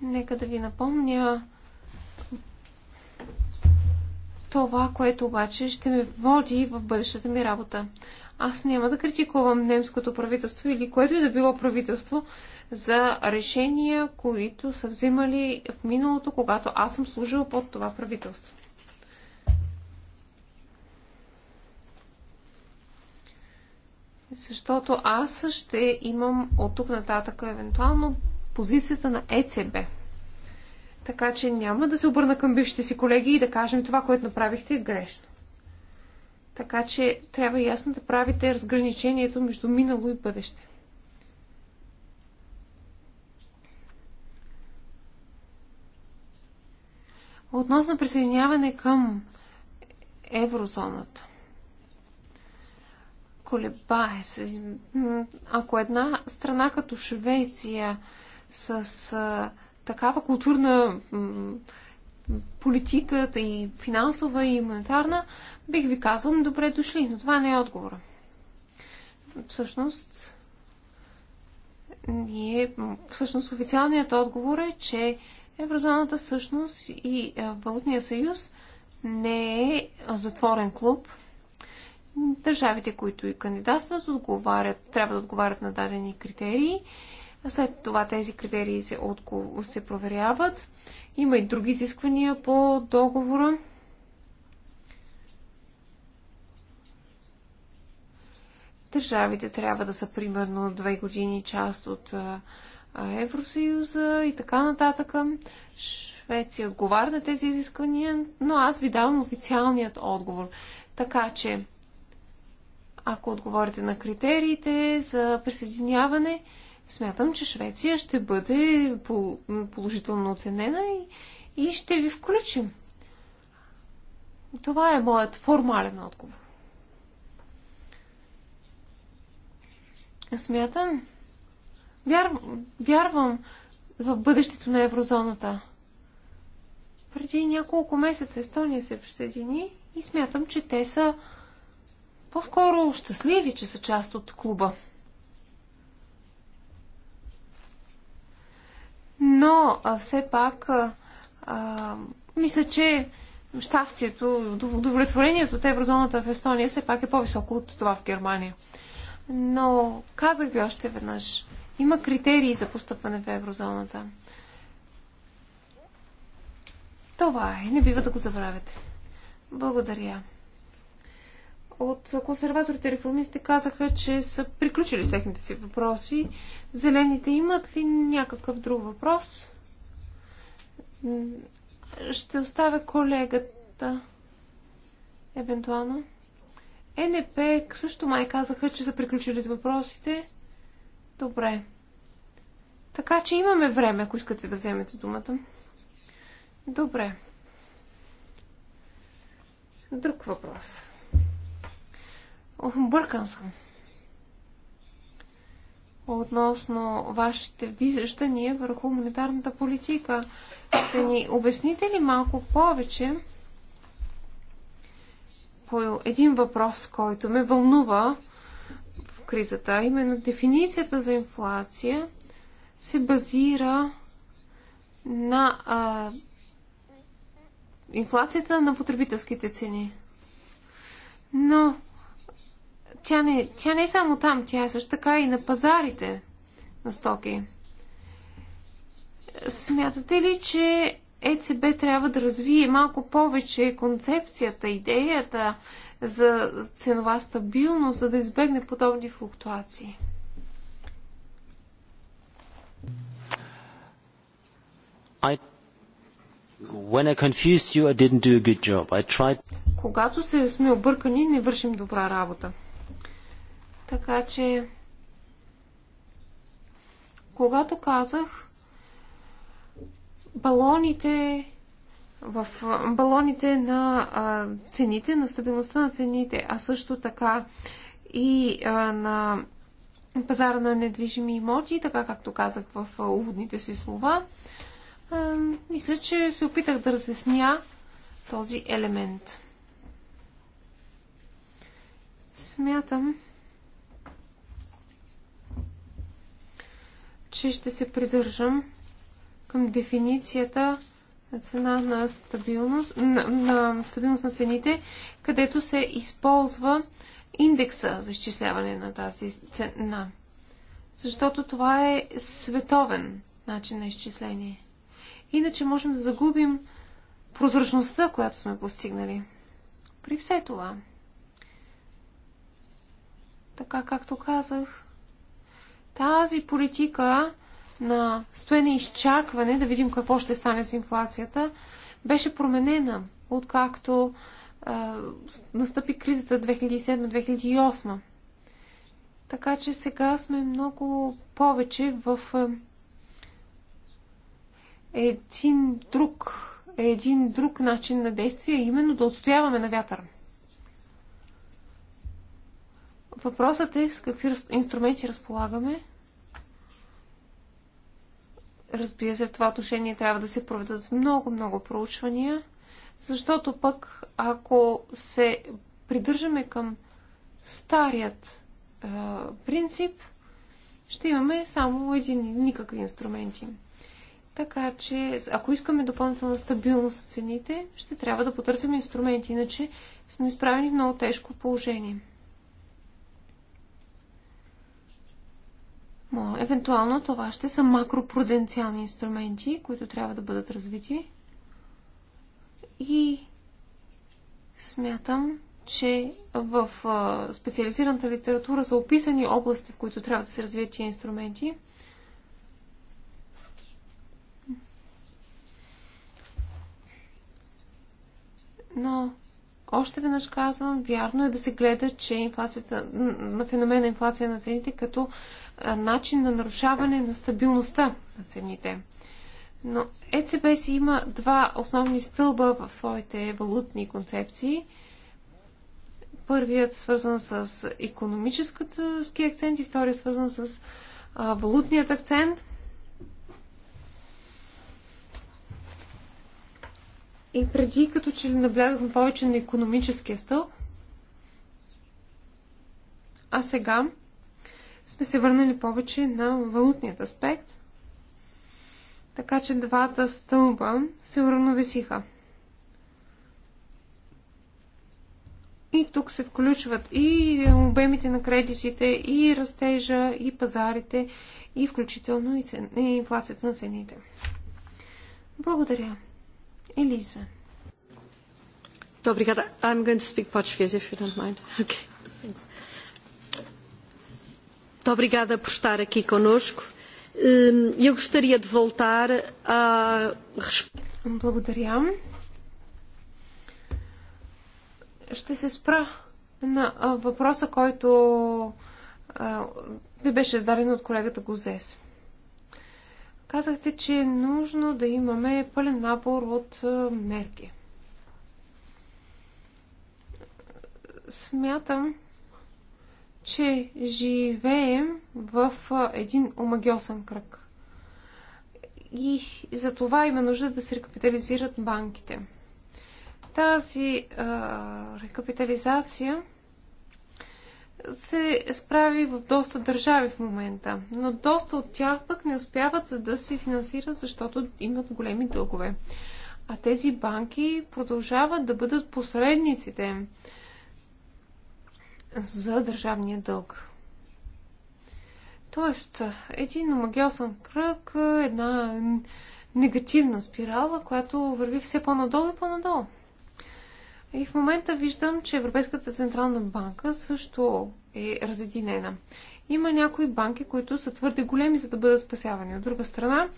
Нека да ви напомня това, което обаче ще ме води в бъдещата ми работа. Аз няма да критикувам немското правителство или което и е да било правителство за решения, които са взимали в миналото, когато аз съм служил под това правителство. защото аз ще имам от тук нататък евентуално позицията на ЕЦБ. Така че няма да се обърна към бившите си колеги и да кажем това, което направихте е грешно. Така че трябва ясно да правите разграничението между минало и бъдеще. Относно присъединяване към еврозоната колебае се. Ако една страна като Швеция с а, такава културна политика и финансова и монетарна, бих ви казал, добре дошли, но това не е отговора. Всъщност, ние, всъщност официалният отговор е, че еврозоната всъщност и Валутния съюз не е затворен клуб – Държавите, които и кандидатстват, отговарят, трябва да отговарят на дадени критерии. След това тези критерии се, отко... се проверяват. Има и други изисквания по договора. Държавите трябва да са примерно две години част от Евросъюза и така нататък. Швеция отговаря на тези изисквания, но аз ви давам официалният отговор. Така че ако отговорите на критериите за присъединяване, смятам, че Швеция ще бъде положително оценена и, и ще ви включим. Това е моят формален отговор. Смятам. Вяр, вярвам в бъдещето на еврозоната. Преди няколко месеца Естония се присъедини и смятам, че те са по-скоро щастливи, че са част от клуба. Но а, все пак а, а, мисля, че щастието, удовлетворението от еврозоната в Естония все пак е по-високо от това в Германия. Но казах ви още веднъж, има критерии за постъпване в еврозоната. Това е, не бива да го забравяте. Благодаря от консерваторите и реформистите казаха, че са приключили с техните си въпроси. Зелените имат ли някакъв друг въпрос? Ще оставя колегата. Евентуално. Е, НП също май казаха, че са приключили с въпросите. Добре. Така че имаме време, ако искате да вземете думата. Добре. Друг въпрос. Объркан съм. Относно вашите виждания върху монетарната политика, ще ни обясните ли малко повече по един въпрос, който ме вълнува в кризата, именно дефиницията за инфлация се базира на а, инфлацията на потребителските цени. Но тя не, тя не е само там, тя е също така и на пазарите на стоки. Смятате ли, че ЕЦБ трябва да развие малко повече концепцията, идеята за ценова стабилност, за да избегне подобни флуктуации? I... When I confused you, I didn't do a good job. I tried... Когато се сме объркани, не вършим добра работа. Така че, когато казах, балоните в балоните на а, цените, на стабилността на цените, а също така и а, на пазара на недвижими имоти, така както казах в уводните си слова, а, мисля, че се опитах да разясня този елемент. Смятам, че ще се придържам към дефиницията на цена на стабилност на, на стабилност на цените, където се използва индекса за изчисляване на тази цена. Защото това е световен начин на изчисление. Иначе можем да загубим прозрачността, която сме постигнали. При все това, така както казах, тази политика на стоене и изчакване, да видим какво ще стане с инфлацията, беше променена, откакто а, настъпи кризата 2007-2008. Така че сега сме много повече в а, един друг, един друг начин на действие, именно да отстояваме на вятъра. Въпросът е с какви инструменти разполагаме. Разбира се, в това отношение трябва да се проведат много-много проучвания, защото пък ако се придържаме към старият е, принцип, ще имаме само един никакви инструменти. Така че, ако искаме допълнителна стабилност в цените, ще трябва да потърсим инструменти, иначе сме изправени в много тежко положение. Евентуално това ще са макропруденциални инструменти, които трябва да бъдат развити. И смятам, че в специализираната литература са описани области, в които трябва да се развият тия инструменти. Но още веднъж казвам, вярно е да се гледа, че инфлацията, на феномена инфлация на цените като начин на нарушаване на стабилността на цените. Но ЕЦБ си има два основни стълба в своите валутни концепции. Първият свързан с економическата ски акцент и вторият свързан с а, валутният акцент. И преди като че ли наблягахме повече на економическия стълб, а сега сме се върнали повече на валутният аспект. Така че двата стълба се уравновесиха. И тук се включват и обемите на кредитите, и растежа, и пазарите, и включително и, цен... и инфлацията на цените. Благодаря. Елиза. Obrigada. I'm going to speak Portuguese if you don't mind. Okay. Muito obrigada por estar aqui connosco. Eu gostaria de voltar a. Благодаря. Ще се спра на въпроса, който ви беше зададен от колегата Гозес. Казахте, че е нужно да имаме пълен набор от мерки. Смятам, че живеем в един омагиосен кръг. И за това има нужда да се рекапитализират банките. Тази а, рекапитализация се справи в доста държави в момента, но доста от тях пък не успяват да се финансират, защото имат големи дългове. А тези банки продължават да бъдат посредниците за държавния дълг. Тоест, един магиосен кръг, една негативна спирала, която върви все по-надолу и по-надолу. И в момента виждам, че Европейската централна банка също е разединена. Има някои банки, които са твърде големи, за да бъдат спасявани. От друга страна,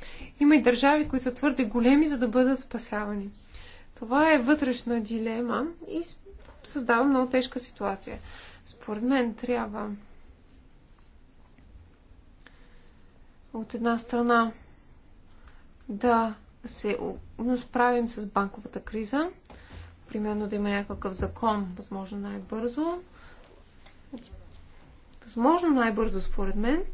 има и държави, които са твърде големи, за да бъдат спасявани. Това е вътрешна дилема и създава много тежка ситуация. Според мен трябва от една страна да се справим с банковата криза, примерно да има някакъв закон, възможно най-бързо. Възможно най-бързо, според мен.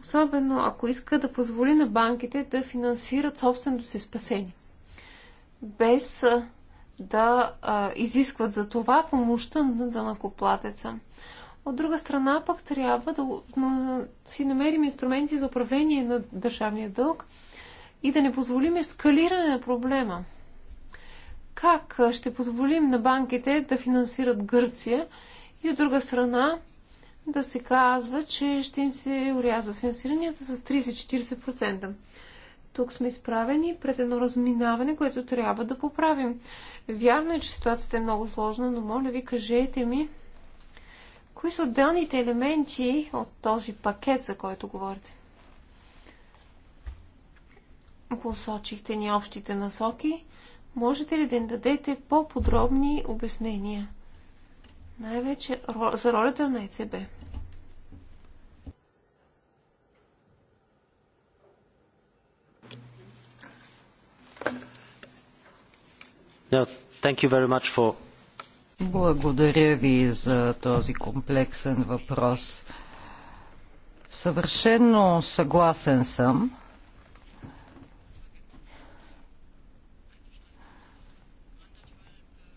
Особено ако иска да позволи на банките да финансират собственото си спасение. Без да а, изискват за това помощта на дънакоплатеца. От друга страна, пък трябва да на, си намерим инструменти за управление на държавния дълг и да не позволим ескалиране на проблема. Как ще позволим на банките да финансират Гърция и от друга страна да се казва, че ще им се урязва финансиранията с 30-40%. Тук сме изправени пред едно разминаване, което трябва да поправим. Вярно е, че ситуацията е много сложна, но моля ви, кажете ми, кои са отделните елементи от този пакет, за който говорите? Посочихте ни общите насоки. Можете ли да ни дадете по-подробни обяснения? Най-вече за ролята на ЕЦБ. Благодаря ви за този комплексен въпрос. Съвършенно съгласен съм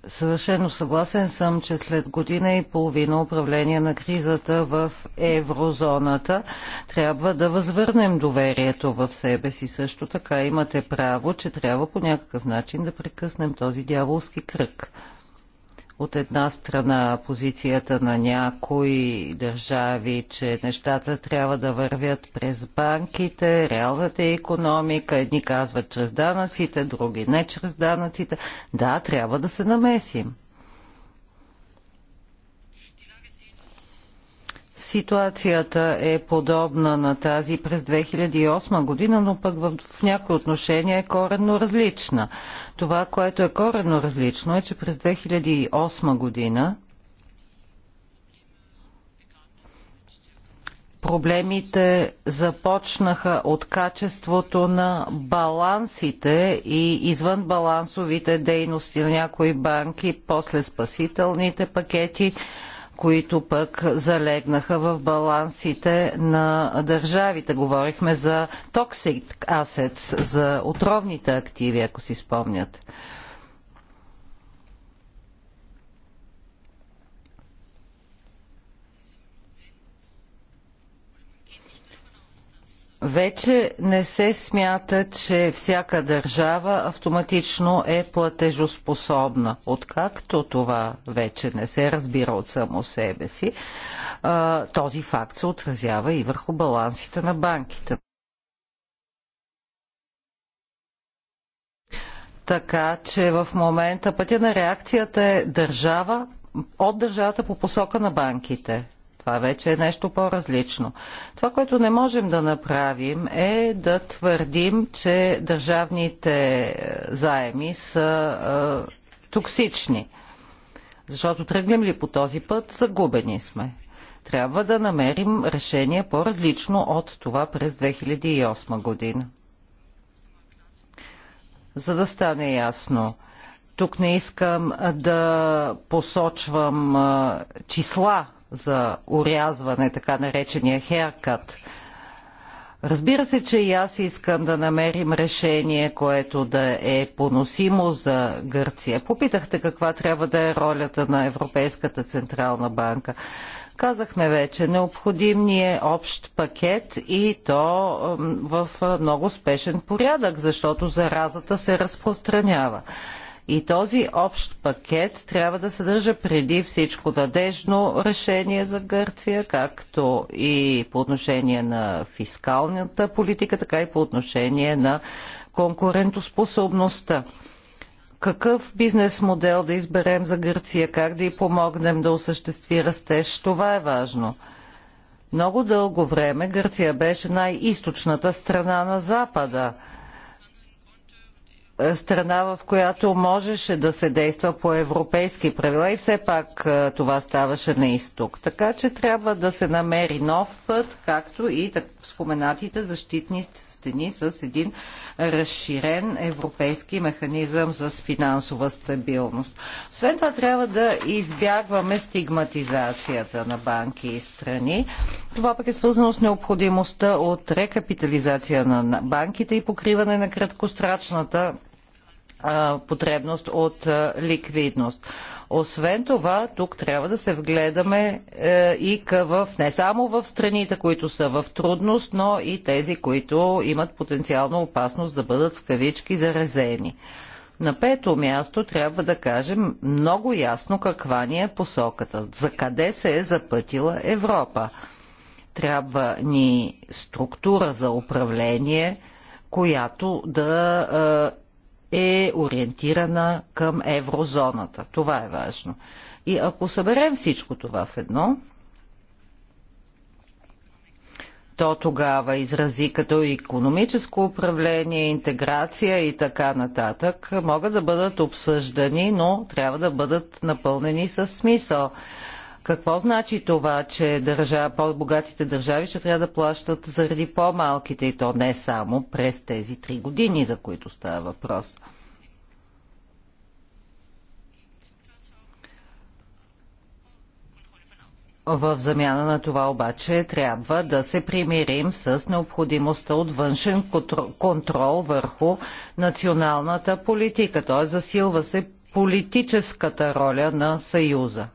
Съвършено съгласен съм, че след година и половина управление на кризата в еврозоната трябва да възвърнем доверието в себе си. Също така имате право, че трябва по някакъв начин да прекъснем този дяволски кръг от една страна позицията на някои държави, че нещата трябва да вървят през банките, реалната економика, едни казват чрез данъците, други не чрез данъците. Да, трябва да се намесим. Ситуацията е подобна на тази през 2008 година, но пък в, в някои отношения е коренно различна. Това, което е коренно различно е, че през 2008 година проблемите започнаха от качеството на балансите и извън балансовите дейности на някои банки, после спасителните пакети – които пък залегнаха в балансите на държавите. Говорихме за toxic assets, за отровните активи, ако си спомнят. Вече не се смята, че всяка държава автоматично е платежоспособна. Откакто това вече не се разбира от само себе си, този факт се отразява и върху балансите на банките. Така че в момента пътя на реакцията е държава от държавата по посока на банките. Това вече е нещо по-различно. Това, което не можем да направим е да твърдим, че държавните е, заеми са е, токсични. Защото тръгнем ли по този път, загубени сме. Трябва да намерим решение по-различно от това през 2008 година. За да стане ясно, тук не искам да посочвам е, числа за урязване, така наречения херкат. Разбира се, че и аз искам да намерим решение, което да е поносимо за Гърция. Попитахте каква трябва да е ролята на Европейската Централна банка. Казахме вече, необходим ни е общ пакет и то в много спешен порядък, защото заразата се разпространява. И този общ пакет трябва да съдържа преди всичко надежно решение за Гърция, както и по отношение на фискалната политика, така и по отношение на конкурентоспособността. Какъв бизнес модел да изберем за Гърция, как да й помогнем да осъществи растеж, това е важно. Много дълго време Гърция беше най-источната страна на Запада – е, страна, в която можеше да се действа по европейски правила и все пак е, това ставаше на изток. Така че трябва да се намери нов път, както и споменатите защитни стени с един разширен европейски механизъм за финансова стабилност. Освен това трябва да избягваме стигматизацията на банки и страни. Това пък е свързано с необходимостта от рекапитализация на банките и покриване на краткострачната потребност от ликвидност. Освен това, тук трябва да се вгледаме е, и в, не само в страните, които са в трудност, но и тези, които имат потенциална опасност да бъдат в кавички заразени. На пето място трябва да кажем много ясно каква ни е посоката, за къде се е запътила Европа. Трябва ни структура за управление, която да е, е ориентирана към еврозоната. Това е важно. И ако съберем всичко това в едно, то тогава изрази като економическо управление, интеграция и така нататък могат да бъдат обсъждани, но трябва да бъдат напълнени с смисъл. Какво значи това, че по-богатите държави ще трябва да плащат заради по-малките и то не само през тези три години, за които става въпрос? В замяна на това обаче трябва да се примирим с необходимостта от външен контрол върху националната политика, т.е. засилва се политическата роля на Съюза.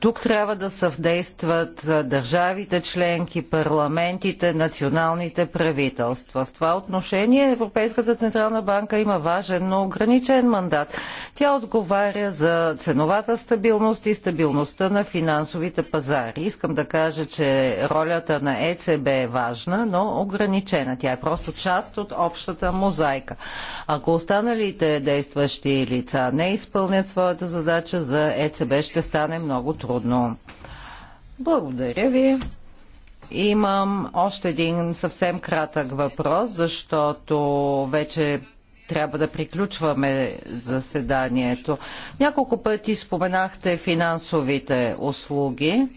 тук трябва да съвдействат държавите членки, парламентите, националните правителства. В това отношение Европейската Централна банка има важен, но ограничен мандат. Тя отговаря за ценовата стабилност и стабилността на финансовите пазари. Искам да кажа, че ролята на ЕЦБ е важна, но ограничена. Тя е просто част от общата мозайка. Ако останалите действащи лица не изпълнят своята задача за ЕЦБ, ще стане стане много трудно. Благодаря ви. Имам още един съвсем кратък въпрос, защото вече трябва да приключваме заседанието. Няколко пъти споменахте финансовите услуги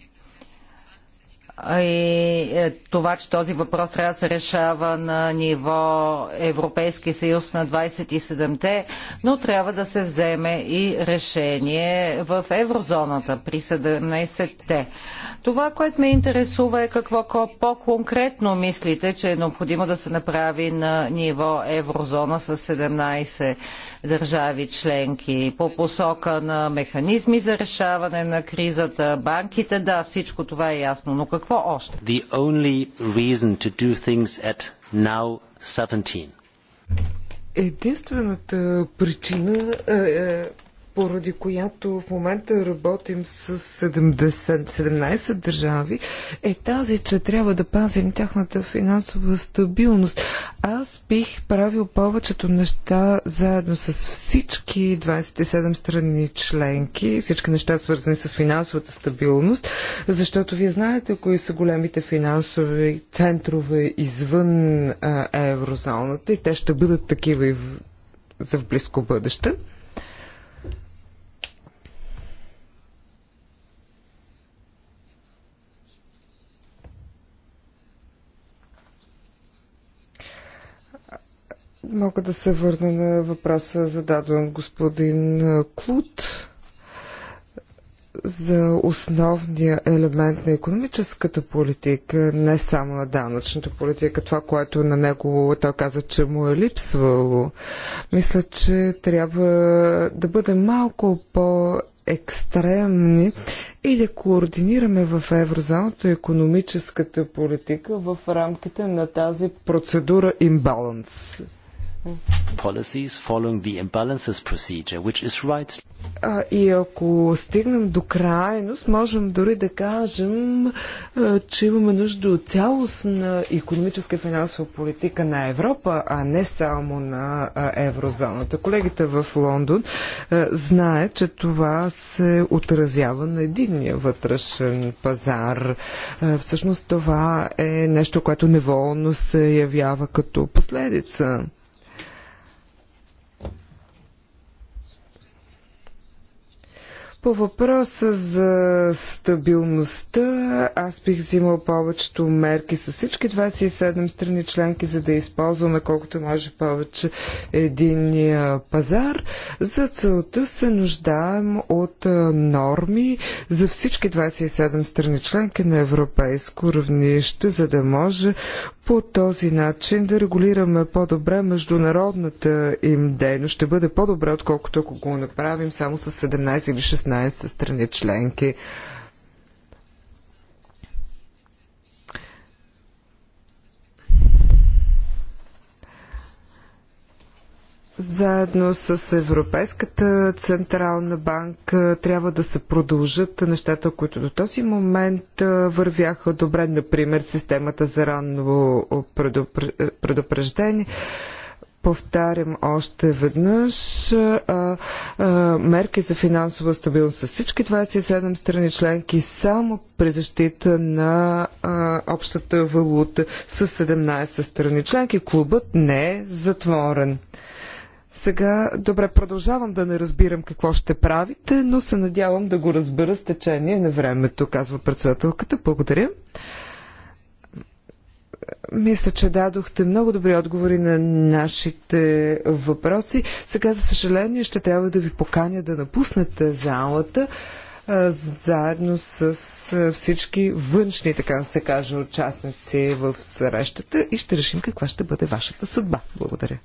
и е, това, че този въпрос трябва да се решава на ниво Европейски съюз на 27-те, но трябва да се вземе и решение в еврозоната при 17-те. Това, което ме интересува е какво по-конкретно мислите, че е необходимо да се направи на ниво еврозона с 17 държави членки по посока на механизми за решаване на кризата, банките, да, всичко това е ясно, но какво какво още? The only reason to do things at now 17. Единствената причина е, е поради която в момента работим с 70, 17 държави, е тази, че трябва да пазим тяхната финансова стабилност. Аз бих правил повечето неща заедно с всички 27 страни членки, всички неща свързани с финансовата стабилност, защото вие знаете кои са големите финансови центрове извън а, еврозоната и те ще бъдат такива и в, за в близко бъдеще. Мога да се върна на въпроса зададен господин Клуд за основния елемент на економическата политика, не само на данъчната политика, това, което на него той каза, че му е липсвало. Мисля, че трябва да бъде малко по екстремни и да координираме в еврозоната економическата политика в рамките на тази процедура имбаланс policies following the imbalances procedure, which is right. и ако стигнем до крайност, можем дори да кажем, че имаме нужда от цялостна економическа и финансова политика на Европа, а не само на еврозоната. Колегите в Лондон знаят, че това се отразява на единния вътрешен пазар. всъщност това е нещо, което неволно се явява като последица. По въпроса за стабилността, аз бих взимал повечето мерки с всички 27 страни членки, за да използваме колкото може повече един пазар. За целта се нуждаем от норми за всички 27 страни членки на европейско равнище, за да може по този начин да регулираме по-добре международната им дейност. Ще бъде по-добре, отколкото ако го направим само с 17 или 16 16 страни членки. заедно с Европейската централна банка трябва да се продължат нещата, които до този момент вървяха добре, например системата за ранно предупреждение повтарям още веднъж, а, а, мерки за финансова стабилност с всички 27 страни членки само при защита на а, общата валута с 17 страни членки. Клубът не е затворен. Сега, добре, продължавам да не разбирам какво ще правите, но се надявам да го разбера с течение на времето, казва председателката. Благодаря. Мисля, че дадохте много добри отговори на нашите въпроси. Сега, за съжаление, ще трябва да ви поканя да напуснете залата заедно с всички външни, така да се каже, участници в срещата и ще решим каква ще бъде вашата съдба. Благодаря.